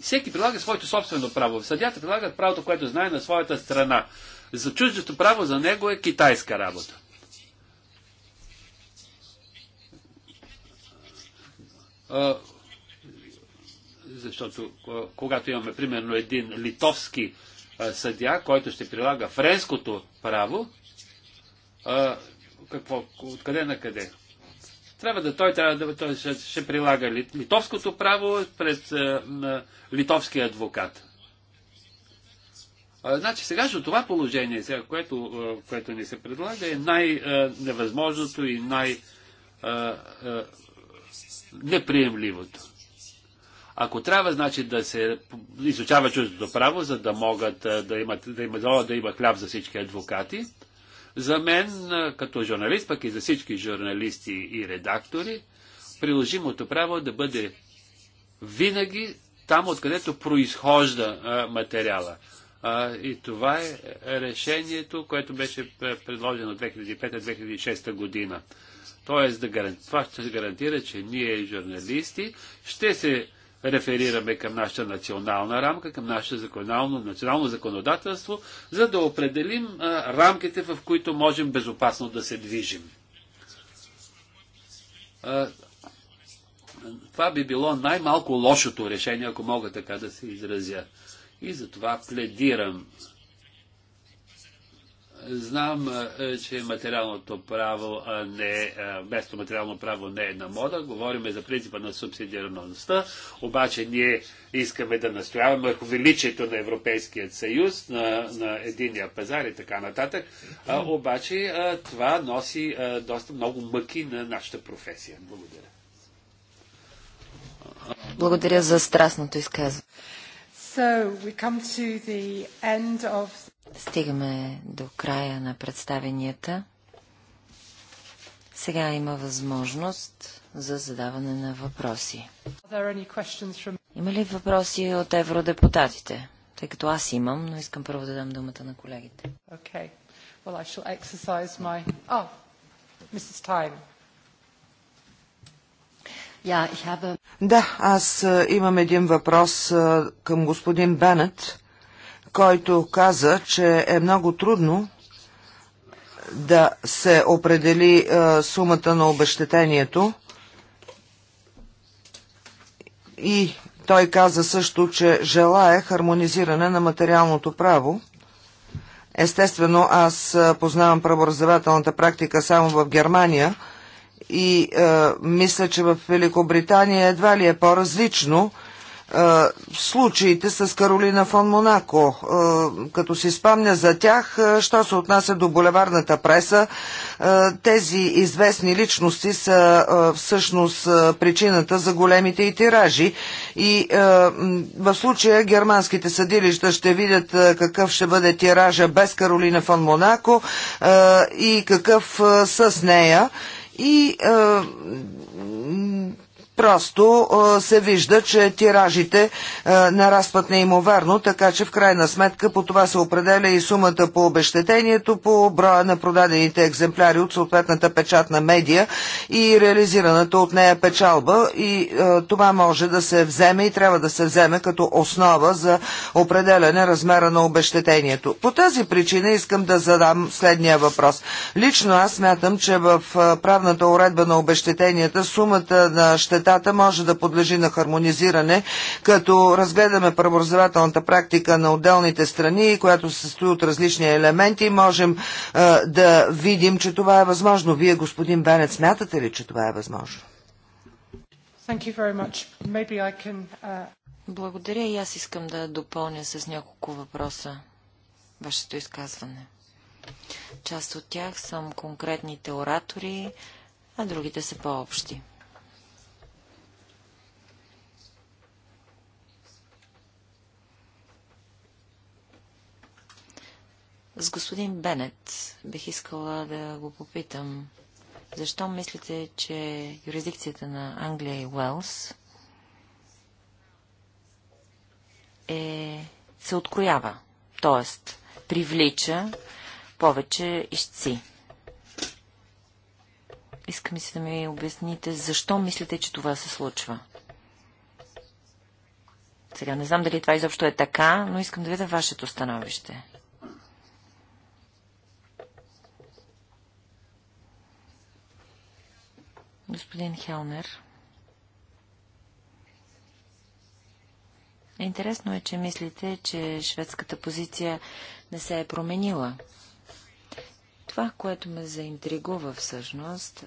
всеки прилага своето собствено право. Съдята прилагат правото, което знае на своята страна. За чуждото право за него е китайска работа. защото когато имаме примерно един литовски съдя, който ще прилага френското право, какво, откъде на къде? трябва да той трябва да той ще, ще прилага литовското право пред е, литовския адвокат. А, значи за това положение, сега, което, е, което ни се предлага, е най-невъзможното и най-неприемливото. Е, е, Ако трябва, значи, да се изучава чуждото право, за да могат да имат, да имат, да имат хляб за всички адвокати, за мен, като журналист, пък и за всички журналисти и редактори, приложимото право да бъде винаги там, откъдето произхожда а, материала. А, и това е решението, което беше предложено 2005-2006 година. Тоест, да гаранти... това ще се гарантира, че ние, журналисти, ще се реферираме към нашата национална рамка, към нашето законално, национално законодателство, за да определим а, рамките, в които можем безопасно да се движим. А, това би било най-малко лошото решение, ако мога така да се изразя. И затова пледирам Знам, е, че материалното право не, е вместо материално право не е на мода. Говориме за принципа на субсидиарността, обаче ние искаме да настояваме върху величието на Европейският съюз, на, на единия пазар и така нататък. А, обаче а, това носи а, доста много мъки на нашата професия. Благодаря. Благодаря за страстното изказване. So we come to the end of Стигаме до края на представенията. Сега има възможност за задаване на въпроси. Има ли въпроси от евродепутатите? Тъй като аз имам, но искам първо да дам думата на колегите. Okay. Well, I shall exercise my... Oh, Mrs. Time. Yeah, have... Да, аз е, имам един въпрос е, към господин Бенет който каза, че е много трудно да се определи е, сумата на обещетението и той каза също, че желая хармонизиране на материалното право. Естествено, аз е, познавам правораздавателната практика само в Германия и е, мисля, че в Великобритания едва ли е по-различно – случаите с Каролина фон Монако. Като си спомня за тях, що се отнася до булеварната преса, тези известни личности са всъщност причината за големите и тиражи. И в случая германските съдилища ще видят какъв ще бъде тиража без Каролина фон Монако и какъв с нея. И Просто се вижда, че тиражите нарастват неимоверно, така че в крайна сметка по това се определя и сумата по обещетението, по броя на продадените екземпляри от съответната печатна медия и реализираната от нея печалба. И това може да се вземе и трябва да се вземе като основа за определяне размера на обещетението. По тази причина искам да задам следния въпрос. Лично аз смятам, че в правната уредба на обещетенията сумата на щета светата може да подлежи на хармонизиране, като разгледаме правораздавателната практика на отделните страни, която се състои от различни елементи, можем да видим, че това е възможно. Вие, господин Бенет, смятате ли, че това е възможно? Uh, Благодаря и аз искам да допълня с няколко въпроса вашето изказване. Част от тях съм конкретните оратори, а другите са по-общи. С господин Бенет бих искала да го попитам. Защо мислите, че юрисдикцията на Англия и Уелс е... се откроява, т.е. привлича повече ищци? Искам се да ми обясните, защо мислите, че това се случва? Сега не знам дали това изобщо е така, но искам да видя вашето становище. господин Хелнер. Интересно е, че мислите, че шведската позиция не се е променила. Това, което ме заинтригува всъщност,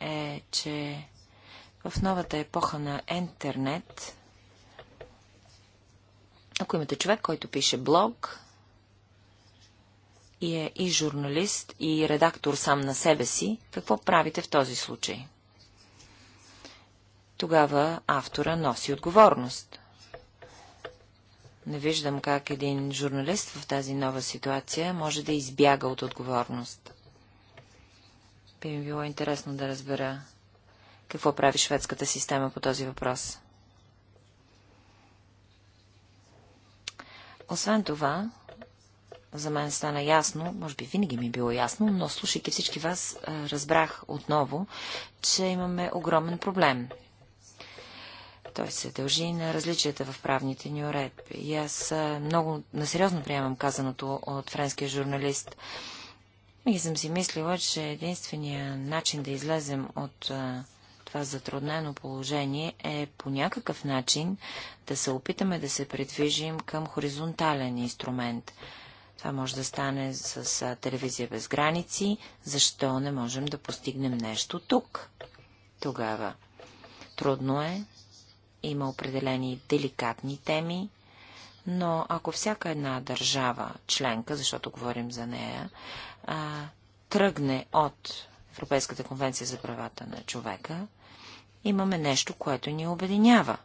е, че в новата епоха на интернет, ако имате човек, който пише блог, и е и журналист, и редактор сам на себе си, какво правите в този случай? Тогава автора носи отговорност. Не виждам как един журналист в тази нова ситуация може да избяга от отговорност. Би ми било интересно да разбера какво прави шведската система по този въпрос. Освен това, за мен стана ясно, може би винаги ми е било ясно, но слушайки всички вас, разбрах отново, че имаме огромен проблем. Той се дължи на различията в правните ни уредби. И аз много насериозно приемам казаното от френския журналист. И съм си мислила, че единствения начин да излезем от това затруднено положение е по някакъв начин да се опитаме да се придвижим към хоризонтален инструмент – това може да стане с телевизия без граници. Защо не можем да постигнем нещо тук? Тогава трудно е, има определени деликатни теми, но ако всяка една държава членка, защото говорим за нея, а, тръгне от Европейската конвенция за правата на човека, имаме нещо, което ни обединява.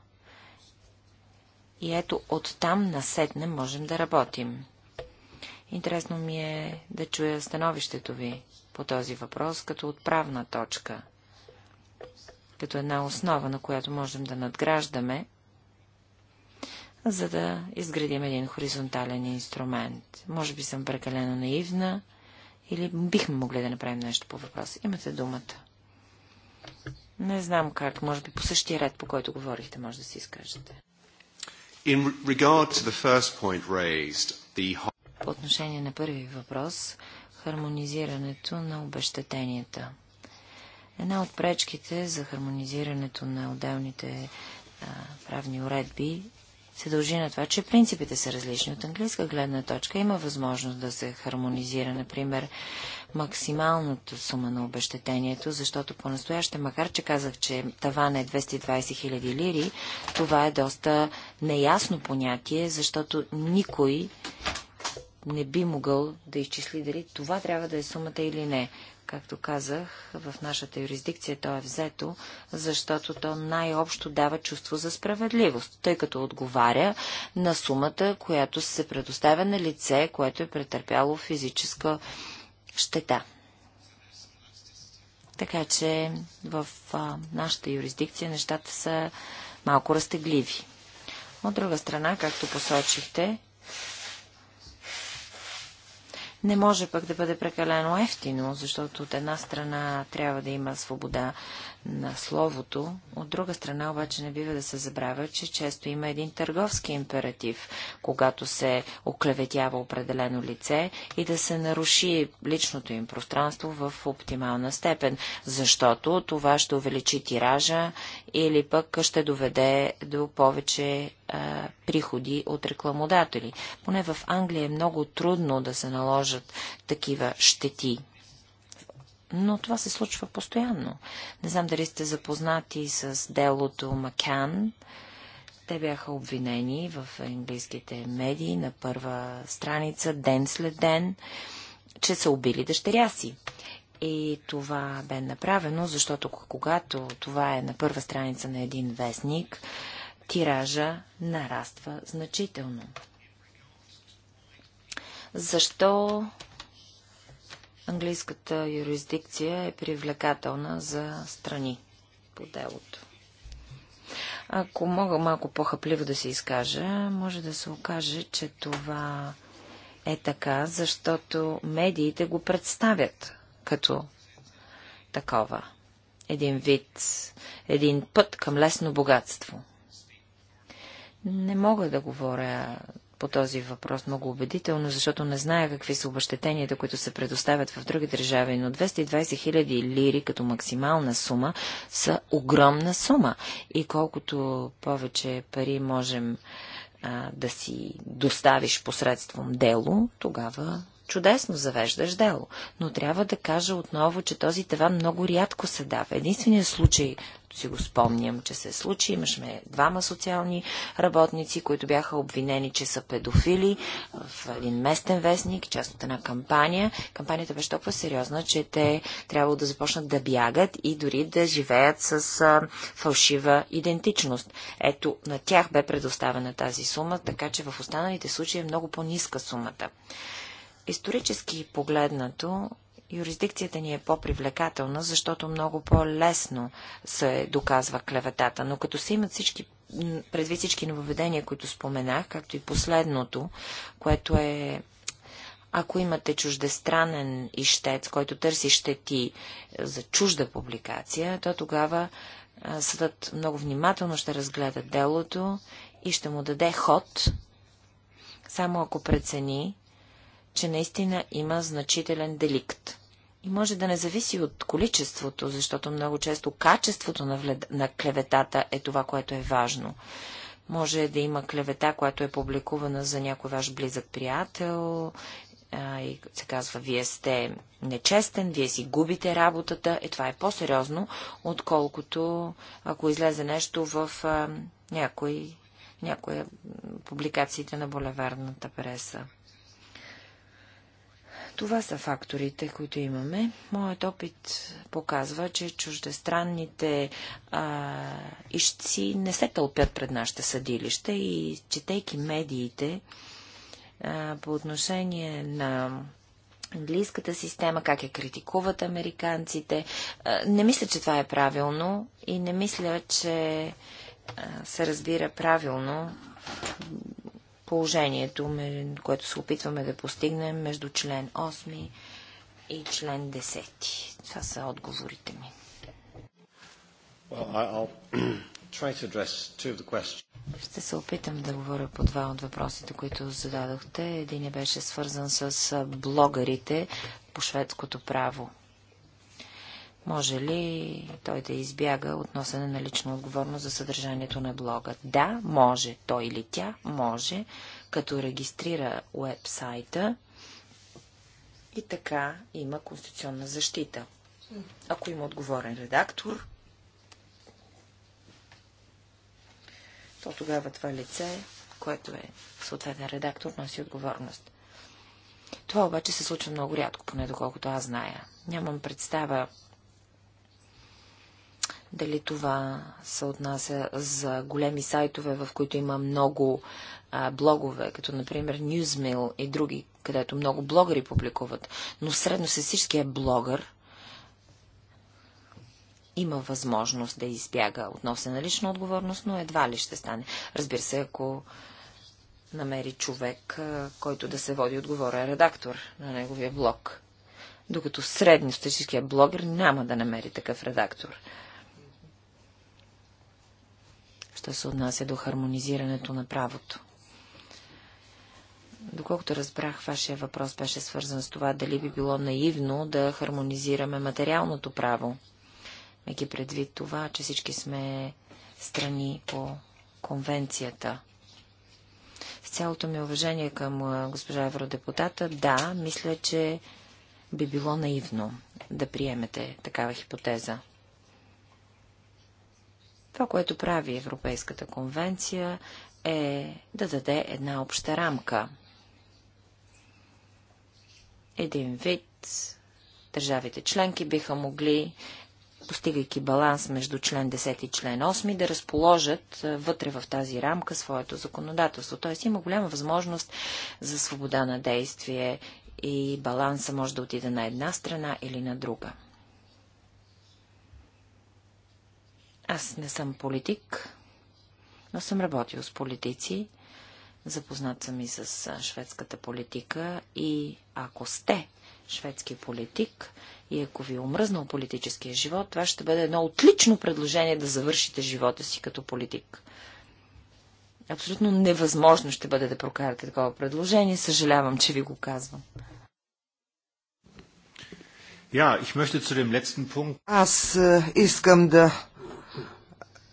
И ето оттам насетне можем да работим. Интересно ми е да чуя становището ви по този въпрос като отправна точка, като една основа, на която можем да надграждаме, за да изградим един хоризонтален инструмент. Може би съм прекалено наивна или бихме могли да направим нещо по въпрос. Имате думата. Не знам как, може би по същия ред, по който говорихте, може да си изкажете. In regard to the first point raised, the по отношение на първи въпрос, хармонизирането на обещетенията. Една от пречките за хармонизирането на отделните а, правни уредби се дължи на това, че принципите са различни. От английска гледна точка има възможност да се хармонизира, например, максималната сума на обещетението, защото по-настояще, макар че казах, че таван е 220 000 лири, това е доста неясно понятие, защото никой не би могъл да изчисли дали това трябва да е сумата или не. Както казах, в нашата юрисдикция то е взето, защото то най-общо дава чувство за справедливост, тъй като отговаря на сумата, която се предоставя на лице, което е претърпяло физическа щета. Така че в а, нашата юрисдикция нещата са малко разтегливи. От друга страна, както посочихте, не може пък да бъде прекалено ефтино, защото от една страна трябва да има свобода на словото. От друга страна обаче не бива да се забравя, че често има един търговски императив, когато се оклеветява определено лице и да се наруши личното им пространство в оптимална степен, защото това ще увеличи тиража или пък ще доведе до повече а, приходи от рекламодатели. Поне в Англия е много трудно да се наложат такива щети но това се случва постоянно. Не знам дали сте запознати с делото Макян? Те бяха обвинени в английските медии на първа страница, ден след ден, че са убили дъщеря си. И това бе направено, защото когато това е на първа страница на един вестник, тиража нараства значително. Защо английската юрисдикция е привлекателна за страни по делото. Ако мога малко по-хъпливо да се изкажа, може да се окаже, че това е така, защото медиите го представят като такова. Един вид, един път към лесно богатство. Не мога да говоря по този въпрос много убедително, защото не зная какви са обещетенията, които се предоставят в други държави, но 220 хиляди лири като максимална сума са огромна сума. И колкото повече пари можем а, да си доставиш посредством дело, тогава чудесно завеждаш дело. Но трябва да кажа отново, че този таван много рядко се дава. Единственият случай, както си го спомням, че се случи. Имашме двама социални работници, които бяха обвинени, че са педофили в един местен вестник, част от една кампания. Кампанията беше толкова сериозна, че те трябва да започнат да бягат и дори да живеят с а, фалшива идентичност. Ето, на тях бе предоставена тази сума, така че в останалите случаи е много по-ниска сумата. Исторически погледнато, юрисдикцията ни е по-привлекателна, защото много по-лесно се доказва клеветата. Но като се имат всички, предвид всички нововведения, които споменах, както и последното, което е ако имате чуждестранен ищец, който търси щети е, за чужда публикация, то тогава е, съдът много внимателно ще разгледа делото и ще му даде ход, само ако прецени, че наистина има значителен деликт. И може да не зависи от количеството, защото много често качеството на, влед... на клеветата е това, което е важно. Може да има клевета, която е публикувана за някой ваш близък приятел а, и се казва, вие сте нечестен, вие си губите работата. Е, това е по-сериозно, отколкото ако излезе нещо в а, някой, някоя публикациите на булеварната преса. Това са факторите, които имаме. Моят опит показва, че чуждестранните а, ищци не се тълпят пред нашите съдилища и четейки медиите а, по отношение на английската система, как я критикуват американците. А, не мисля, че това е правилно и не мисля, че а, се разбира правилно положението, което се опитваме да постигнем между член 8 и член 10. Това са отговорите ми. ще се опитам да говоря по два от въпросите, които зададохте. Един е беше свързан с блогърите по шведското право може ли той да избяга от носене на лична отговорност за съдържанието на блога? Да, може. Той или тя може, като регистрира уебсайта и така има конституционна защита. Ако има отговорен редактор, то тогава това лице, което е съответен редактор, носи отговорност. Това обаче се случва много рядко, поне доколкото аз зная. Нямам представа дали това се отнася за големи сайтове, в които има много а, блогове, като например Newsmill и други, където много блогъри публикуват, но средно се всичкия блогър има възможност да избяга относно на лична отговорност, но едва ли ще стане. Разбира се, ако намери човек, който да се води отговорен редактор на неговия блог. Докато средностатическия блогер няма да намери такъв редактор що се отнася до хармонизирането на правото. Доколкото разбрах, вашия въпрос беше свързан с това, дали би било наивно да хармонизираме материалното право, меки предвид това, че всички сме страни по конвенцията. С цялото ми уважение към госпожа евродепутата, да, мисля, че би било наивно да приемете такава хипотеза. Това, което прави Европейската конвенция е да даде една обща рамка. Един вид държавите членки биха могли, постигайки баланс между член 10 и член 8, да разположат вътре в тази рамка своето законодателство. Тоест има голяма възможност за свобода на действие и баланса може да отиде на една страна или на друга. Аз не съм политик, но съм работил с политици. Запознат съм и с шведската политика и ако сте шведски политик и ако ви е омръзнал политическия живот, това ще бъде едно отлично предложение да завършите живота си като политик. Абсолютно невъзможно ще бъде да прокарате такова предложение. Съжалявам, че ви го казвам. Yeah, Аз искам да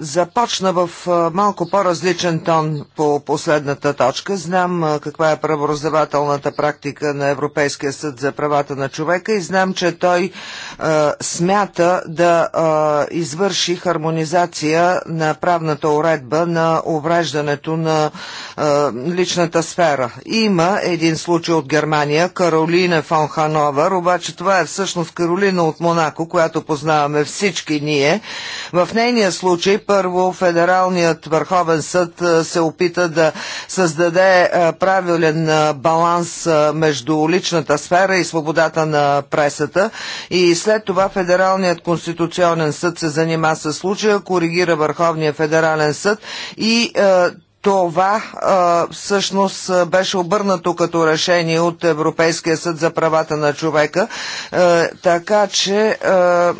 Започна в малко по-различен тон по последната точка. Знам каква е правораздавателната практика на Европейския съд за правата на човека и знам, че той е, смята да е, извърши хармонизация на правната уредба на увреждането на е, личната сфера. Има един случай от Германия, Каролина фон Хановер, обаче това е всъщност Каролина от Монако, която познаваме всички ние. В нейния случай първо, Федералният върховен съд се опита да създаде правилен баланс между личната сфера и свободата на пресата. И след това Федералният конституционен съд се занима с случая, коригира Върховния федерален съд и това а, всъщност беше обърнато като решение от Европейския съд за правата на човека, а, така че а,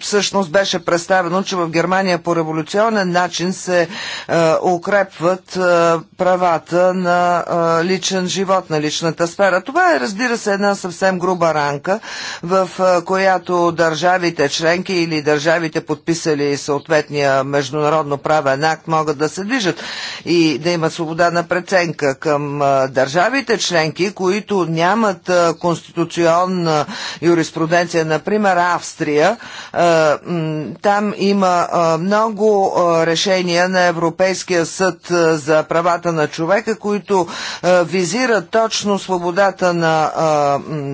всъщност беше представено, че в Германия по революционен начин се а, укрепват а, правата на а, личен живот, на личната сфера. Това е, разбира се, една съвсем груба ранка, в а, която държавите членки или държавите подписали съответния международно правен акт могат да се придвижат и да имат свобода на преценка към държавите членки, които нямат конституционна юриспруденция, например Австрия. Там има много решения на Европейския съд за правата на човека, които визират точно свободата на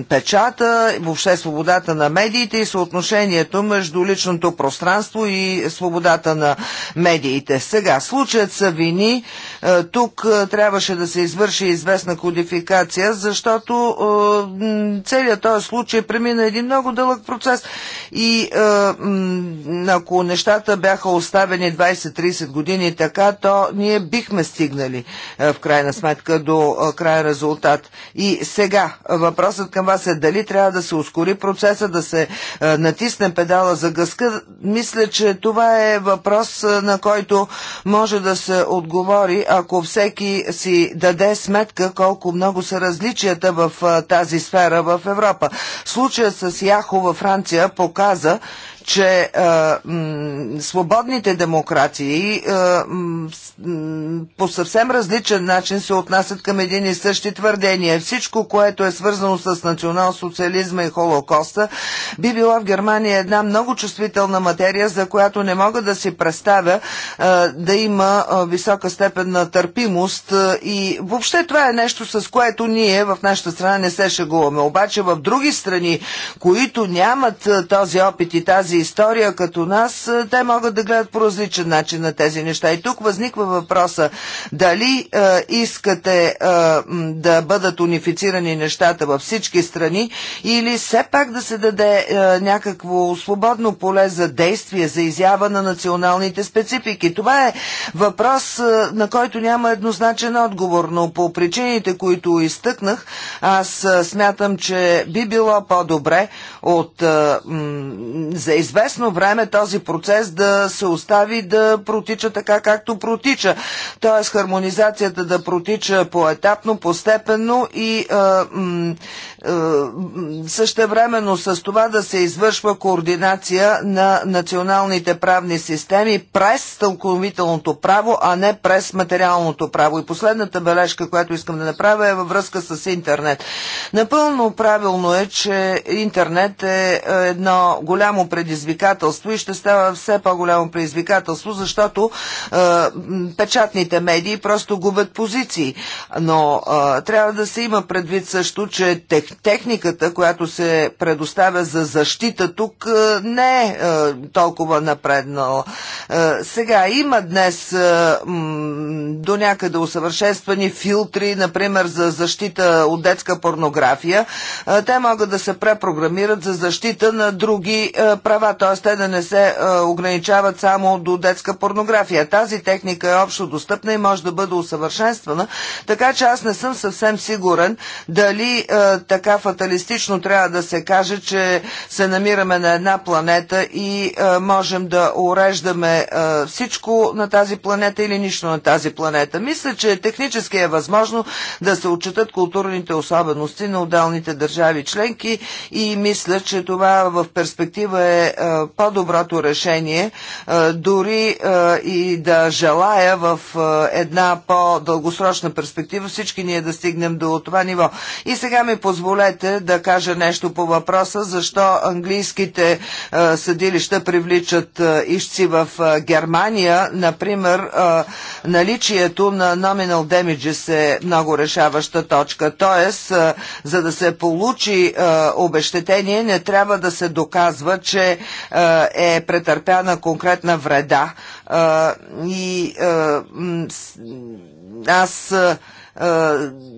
печата, въобще свободата на медиите и съотношението между личното пространство и свободата на медиите. Сега, случая търсят са вини. Е, тук е, трябваше да се извърши известна кодификация, защото е, целият този случай премина един много дълъг процес и ако нещата бяха оставени 20-30 години така, то ние бихме стигнали в крайна сметка до край резултат. И сега въпросът към вас е дали трябва да се ускори процеса, да се натисне педала за гъска. Мисля, че това е въпрос, на който може да се отговори, ако всеки си даде сметка колко много са различията в тази сфера в Европа. Случая с Яхо във Франция показа, че а, м, свободните демокрации а, м, по съвсем различен начин се отнасят към един и същи твърдения. Всичко, което е свързано с национал-социализма и Холокоста, би била в Германия една много чувствителна материя, за която не мога да си представя а, да има а, висока степен на търпимост а, и въобще това е нещо, с което ние в нашата страна не се шегуваме. Обаче в други страни, които нямат а, този опит и тази тази история като нас, е, те могат да гледат по различен начин на тези неща. И тук възниква въпроса дали е, искате е, да бъдат унифицирани нещата във всички страни или все пак да се даде е, някакво свободно поле за действие, за изява на националните специфики. Това е въпрос, е, на който няма еднозначен отговор, но по причините, които изтъкнах, аз е, смятам, че би било по-добре от, е, за известно време този процес да се остави да протича така както протича. Тоест хармонизацията да протича поетапно, постепенно и е, е, същевременно с това да се извършва координация на националните правни системи през стълковителното право, а не през материалното право. И последната бележка, която искам да направя е във връзка с интернет. Напълно правилно е, че интернет е, е едно голямо предизвестие предизвикателство и ще става все по-голямо предизвикателство, защото е, печатните медии просто губят позиции. Но е, трябва да се има предвид също, че тех, техниката, която се предоставя за защита тук, е, не е, е толкова напреднала. Е, сега има днес е, м, до някъде усъвършенствани филтри, например, за защита от детска порнография. Е, те могат да се препрограмират за защита на други е, права права, т.е. те да не се е, ограничават само до детска порнография. Тази техника е общо достъпна и може да бъде усъвършенствана, така че аз не съм съвсем сигурен дали е, така фаталистично трябва да се каже, че се намираме на една планета и е, можем да уреждаме всичко на тази планета или нищо на тази планета. Мисля, че технически е възможно да се отчитат културните особености на отделните държави членки и мисля, че това в перспектива е е, по-доброто решение, е, дори е, и да желая в една по-дългосрочна перспектива всички ние да стигнем до това ниво. И сега ми позволете да кажа нещо по въпроса, защо английските съдилища привличат ищци в Германия. Например, наличието на nominal damages е много решаваща точка. Тоест, за да се получи обещетение, не трябва да се доказва, че е, е претърпяна конкретна вреда е, и е, аз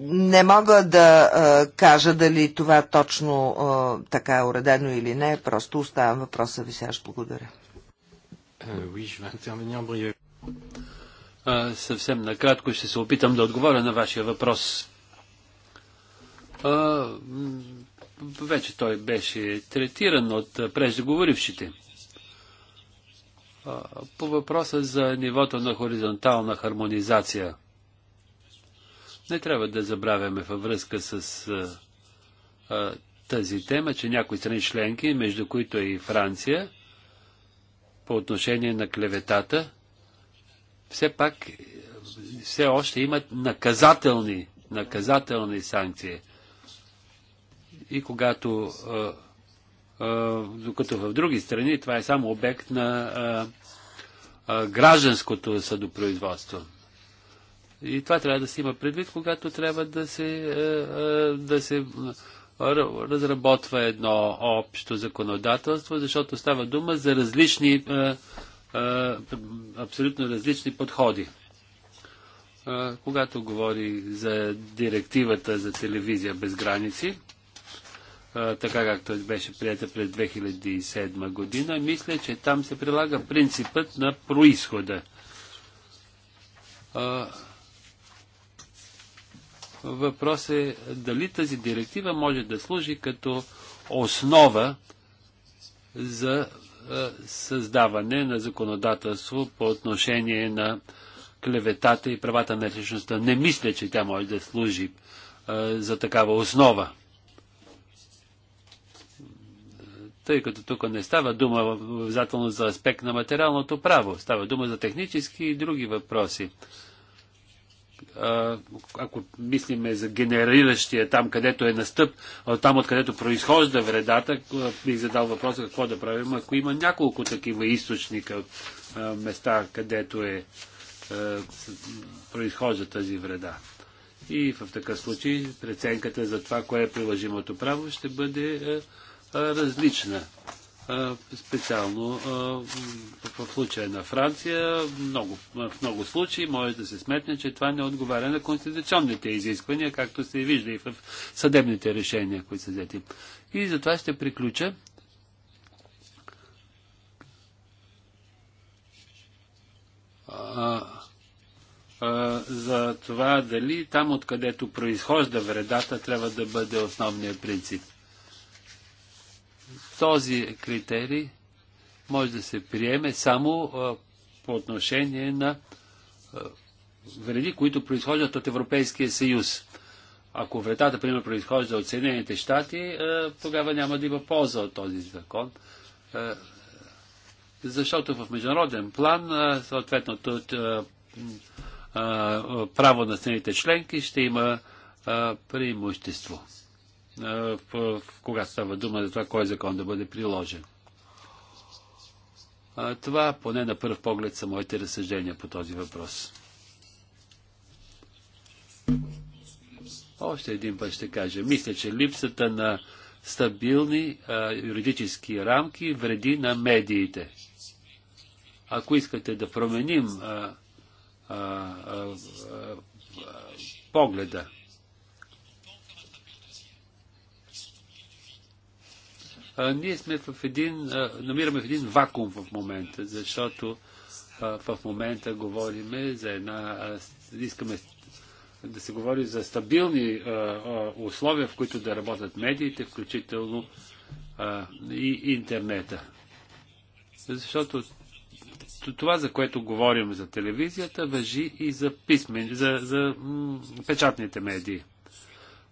не мога да кажа дали това точно така е уредено или не, просто оставям въпроса ви сега. Благодаря. съвсем накратко ще се опитам да отговоря на вашия въпрос вече той беше третиран от преждеговорившите. По въпроса за нивото на хоризонтална хармонизация. Не трябва да забравяме във връзка с а, тази тема, че някои страни членки, между които е и Франция, по отношение на клеветата, все пак все още имат наказателни, наказателни санкции. И когато, докато в други страни това е само обект на гражданското съдопроизводство. И това трябва да се има предвид, когато трябва да се, да се разработва едно общо законодателство, защото става дума за различни, абсолютно различни подходи. Когато говори за директивата за телевизия без граници, така както беше прията през 2007 година, мисля, че там се прилага принципът на происхода. Въпрос е дали тази директива може да служи като основа за създаване на законодателство по отношение на клеветата и правата на личността. Не мисля, че тя може да служи за такава основа. тъй като тук не става дума обязателно за аспект на материалното право, става дума за технически и други въпроси. А, ако мислиме за генериращия там, където е настъп, там откъдето произхожда вредата, бих задал въпроса какво да правим, ако има няколко такива източника, места, където е, е произхожда тази вреда. И в такъв случай преценката за това, кое е приложимото право, ще бъде е, различна. Специално в случая на Франция, много, в много случаи може да се сметне, че това не отговаря на конституционните изисквания, както се вижда и в съдебните решения, които са взети. И затова ще приключа. А, а, за това дали там, откъдето произхожда вредата, трябва да бъде основният принцип. Този критерий може да се приеме само по отношение на вреди, които произхождат от Европейския съюз. Ако вредата, примерно, произхожда от Съединените щати, тогава няма да има полза от този закон. Защото в международен план, съответното право на страните членки ще има преимущество кога става дума за това кой закон да бъде приложен. Това поне на първ поглед са моите разсъждения по този въпрос. Още един път ще кажа. Мисля, че липсата на стабилни а, юридически рамки вреди на медиите. Ако искате да променим а, а, а, а, погледа ние сме в един, намираме в един вакуум в момента, защото в момента говориме за една, искаме да се говори за стабилни условия, в които да работят медиите, включително и интернета. Защото това, за което говорим за телевизията, въжи и за, писмен, за, за печатните медии.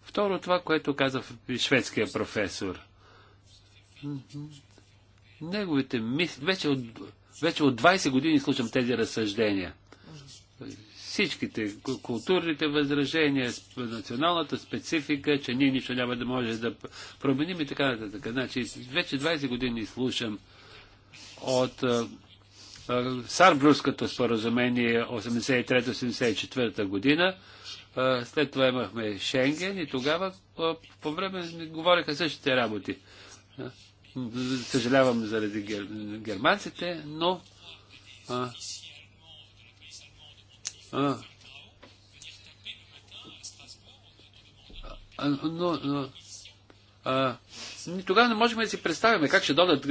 Второ, това, което каза шведския професор – неговите мисли, вече от, вече от 20 години слушам тези разсъждения. Всичките културните възражения, националната специфика, че ние нищо няма да може да променим и така нататък. Значи, вече 20 години слушам от Сарбруското споразумение 83-84 година. След това имахме Шенген и тогава по време говориха същите работи съжалявам заради гер... германците, но а, а, но, но а, ами тогава не можем да си представим как ще додат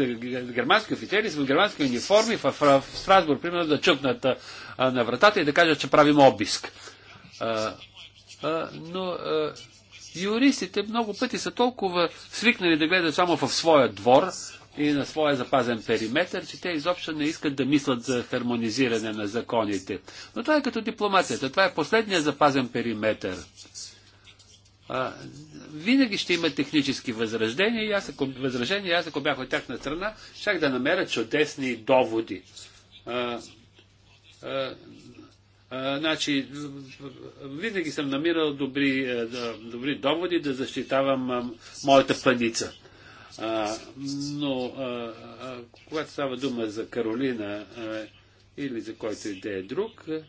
германски офицери с германски униформи в, в, в Страсбург, примерно да чукнат а, на вратата и да кажат, че правим обиск. А, а, но а, юристите много пъти са толкова свикнали да гледат само в своя двор и на своя запазен периметр, че те изобщо не искат да мислят за хармонизиране на законите. Но това е като дипломацията. Това е последния запазен периметр. А, винаги ще има технически възраждения и аз ако, възражения, аз ако бях от тяхна страна, щях да намеря чудесни доводи. А, а, значи, винаги съм намирал добри, е, добри доводи да защитавам моята паница. А, но а, а, когато става дума за Каролина а, или за който и да е друг, а,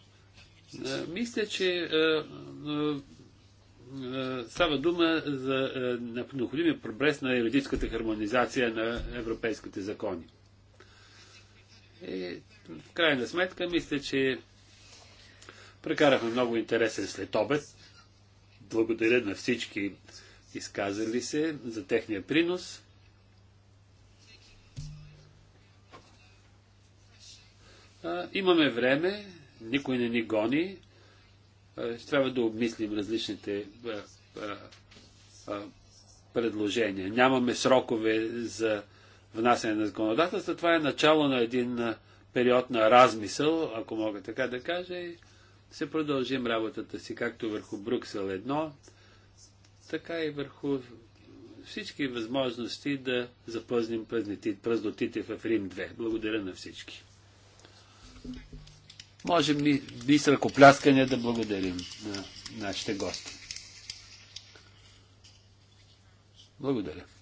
мисля, че а, а, става дума за а, необходимия прогрес на юридическата хармонизация на европейските закони. И, е, в крайна сметка, мисля, че Прекарахме много интересен след обед. Благодаря на всички изказали се за техния принос. имаме време, никой не ни гони. А, трябва да обмислим различните предложения. Нямаме срокове за внасяне на законодателство. Това е начало на един период на размисъл, ако мога така да кажа. Се продължим работата си както върху Бруксел 1, така и върху всички възможности да запъзним празнотите в Рим 2. Благодаря на всички. Можем ли ни с ръкопляскане да благодарим на нашите гости? Благодаря.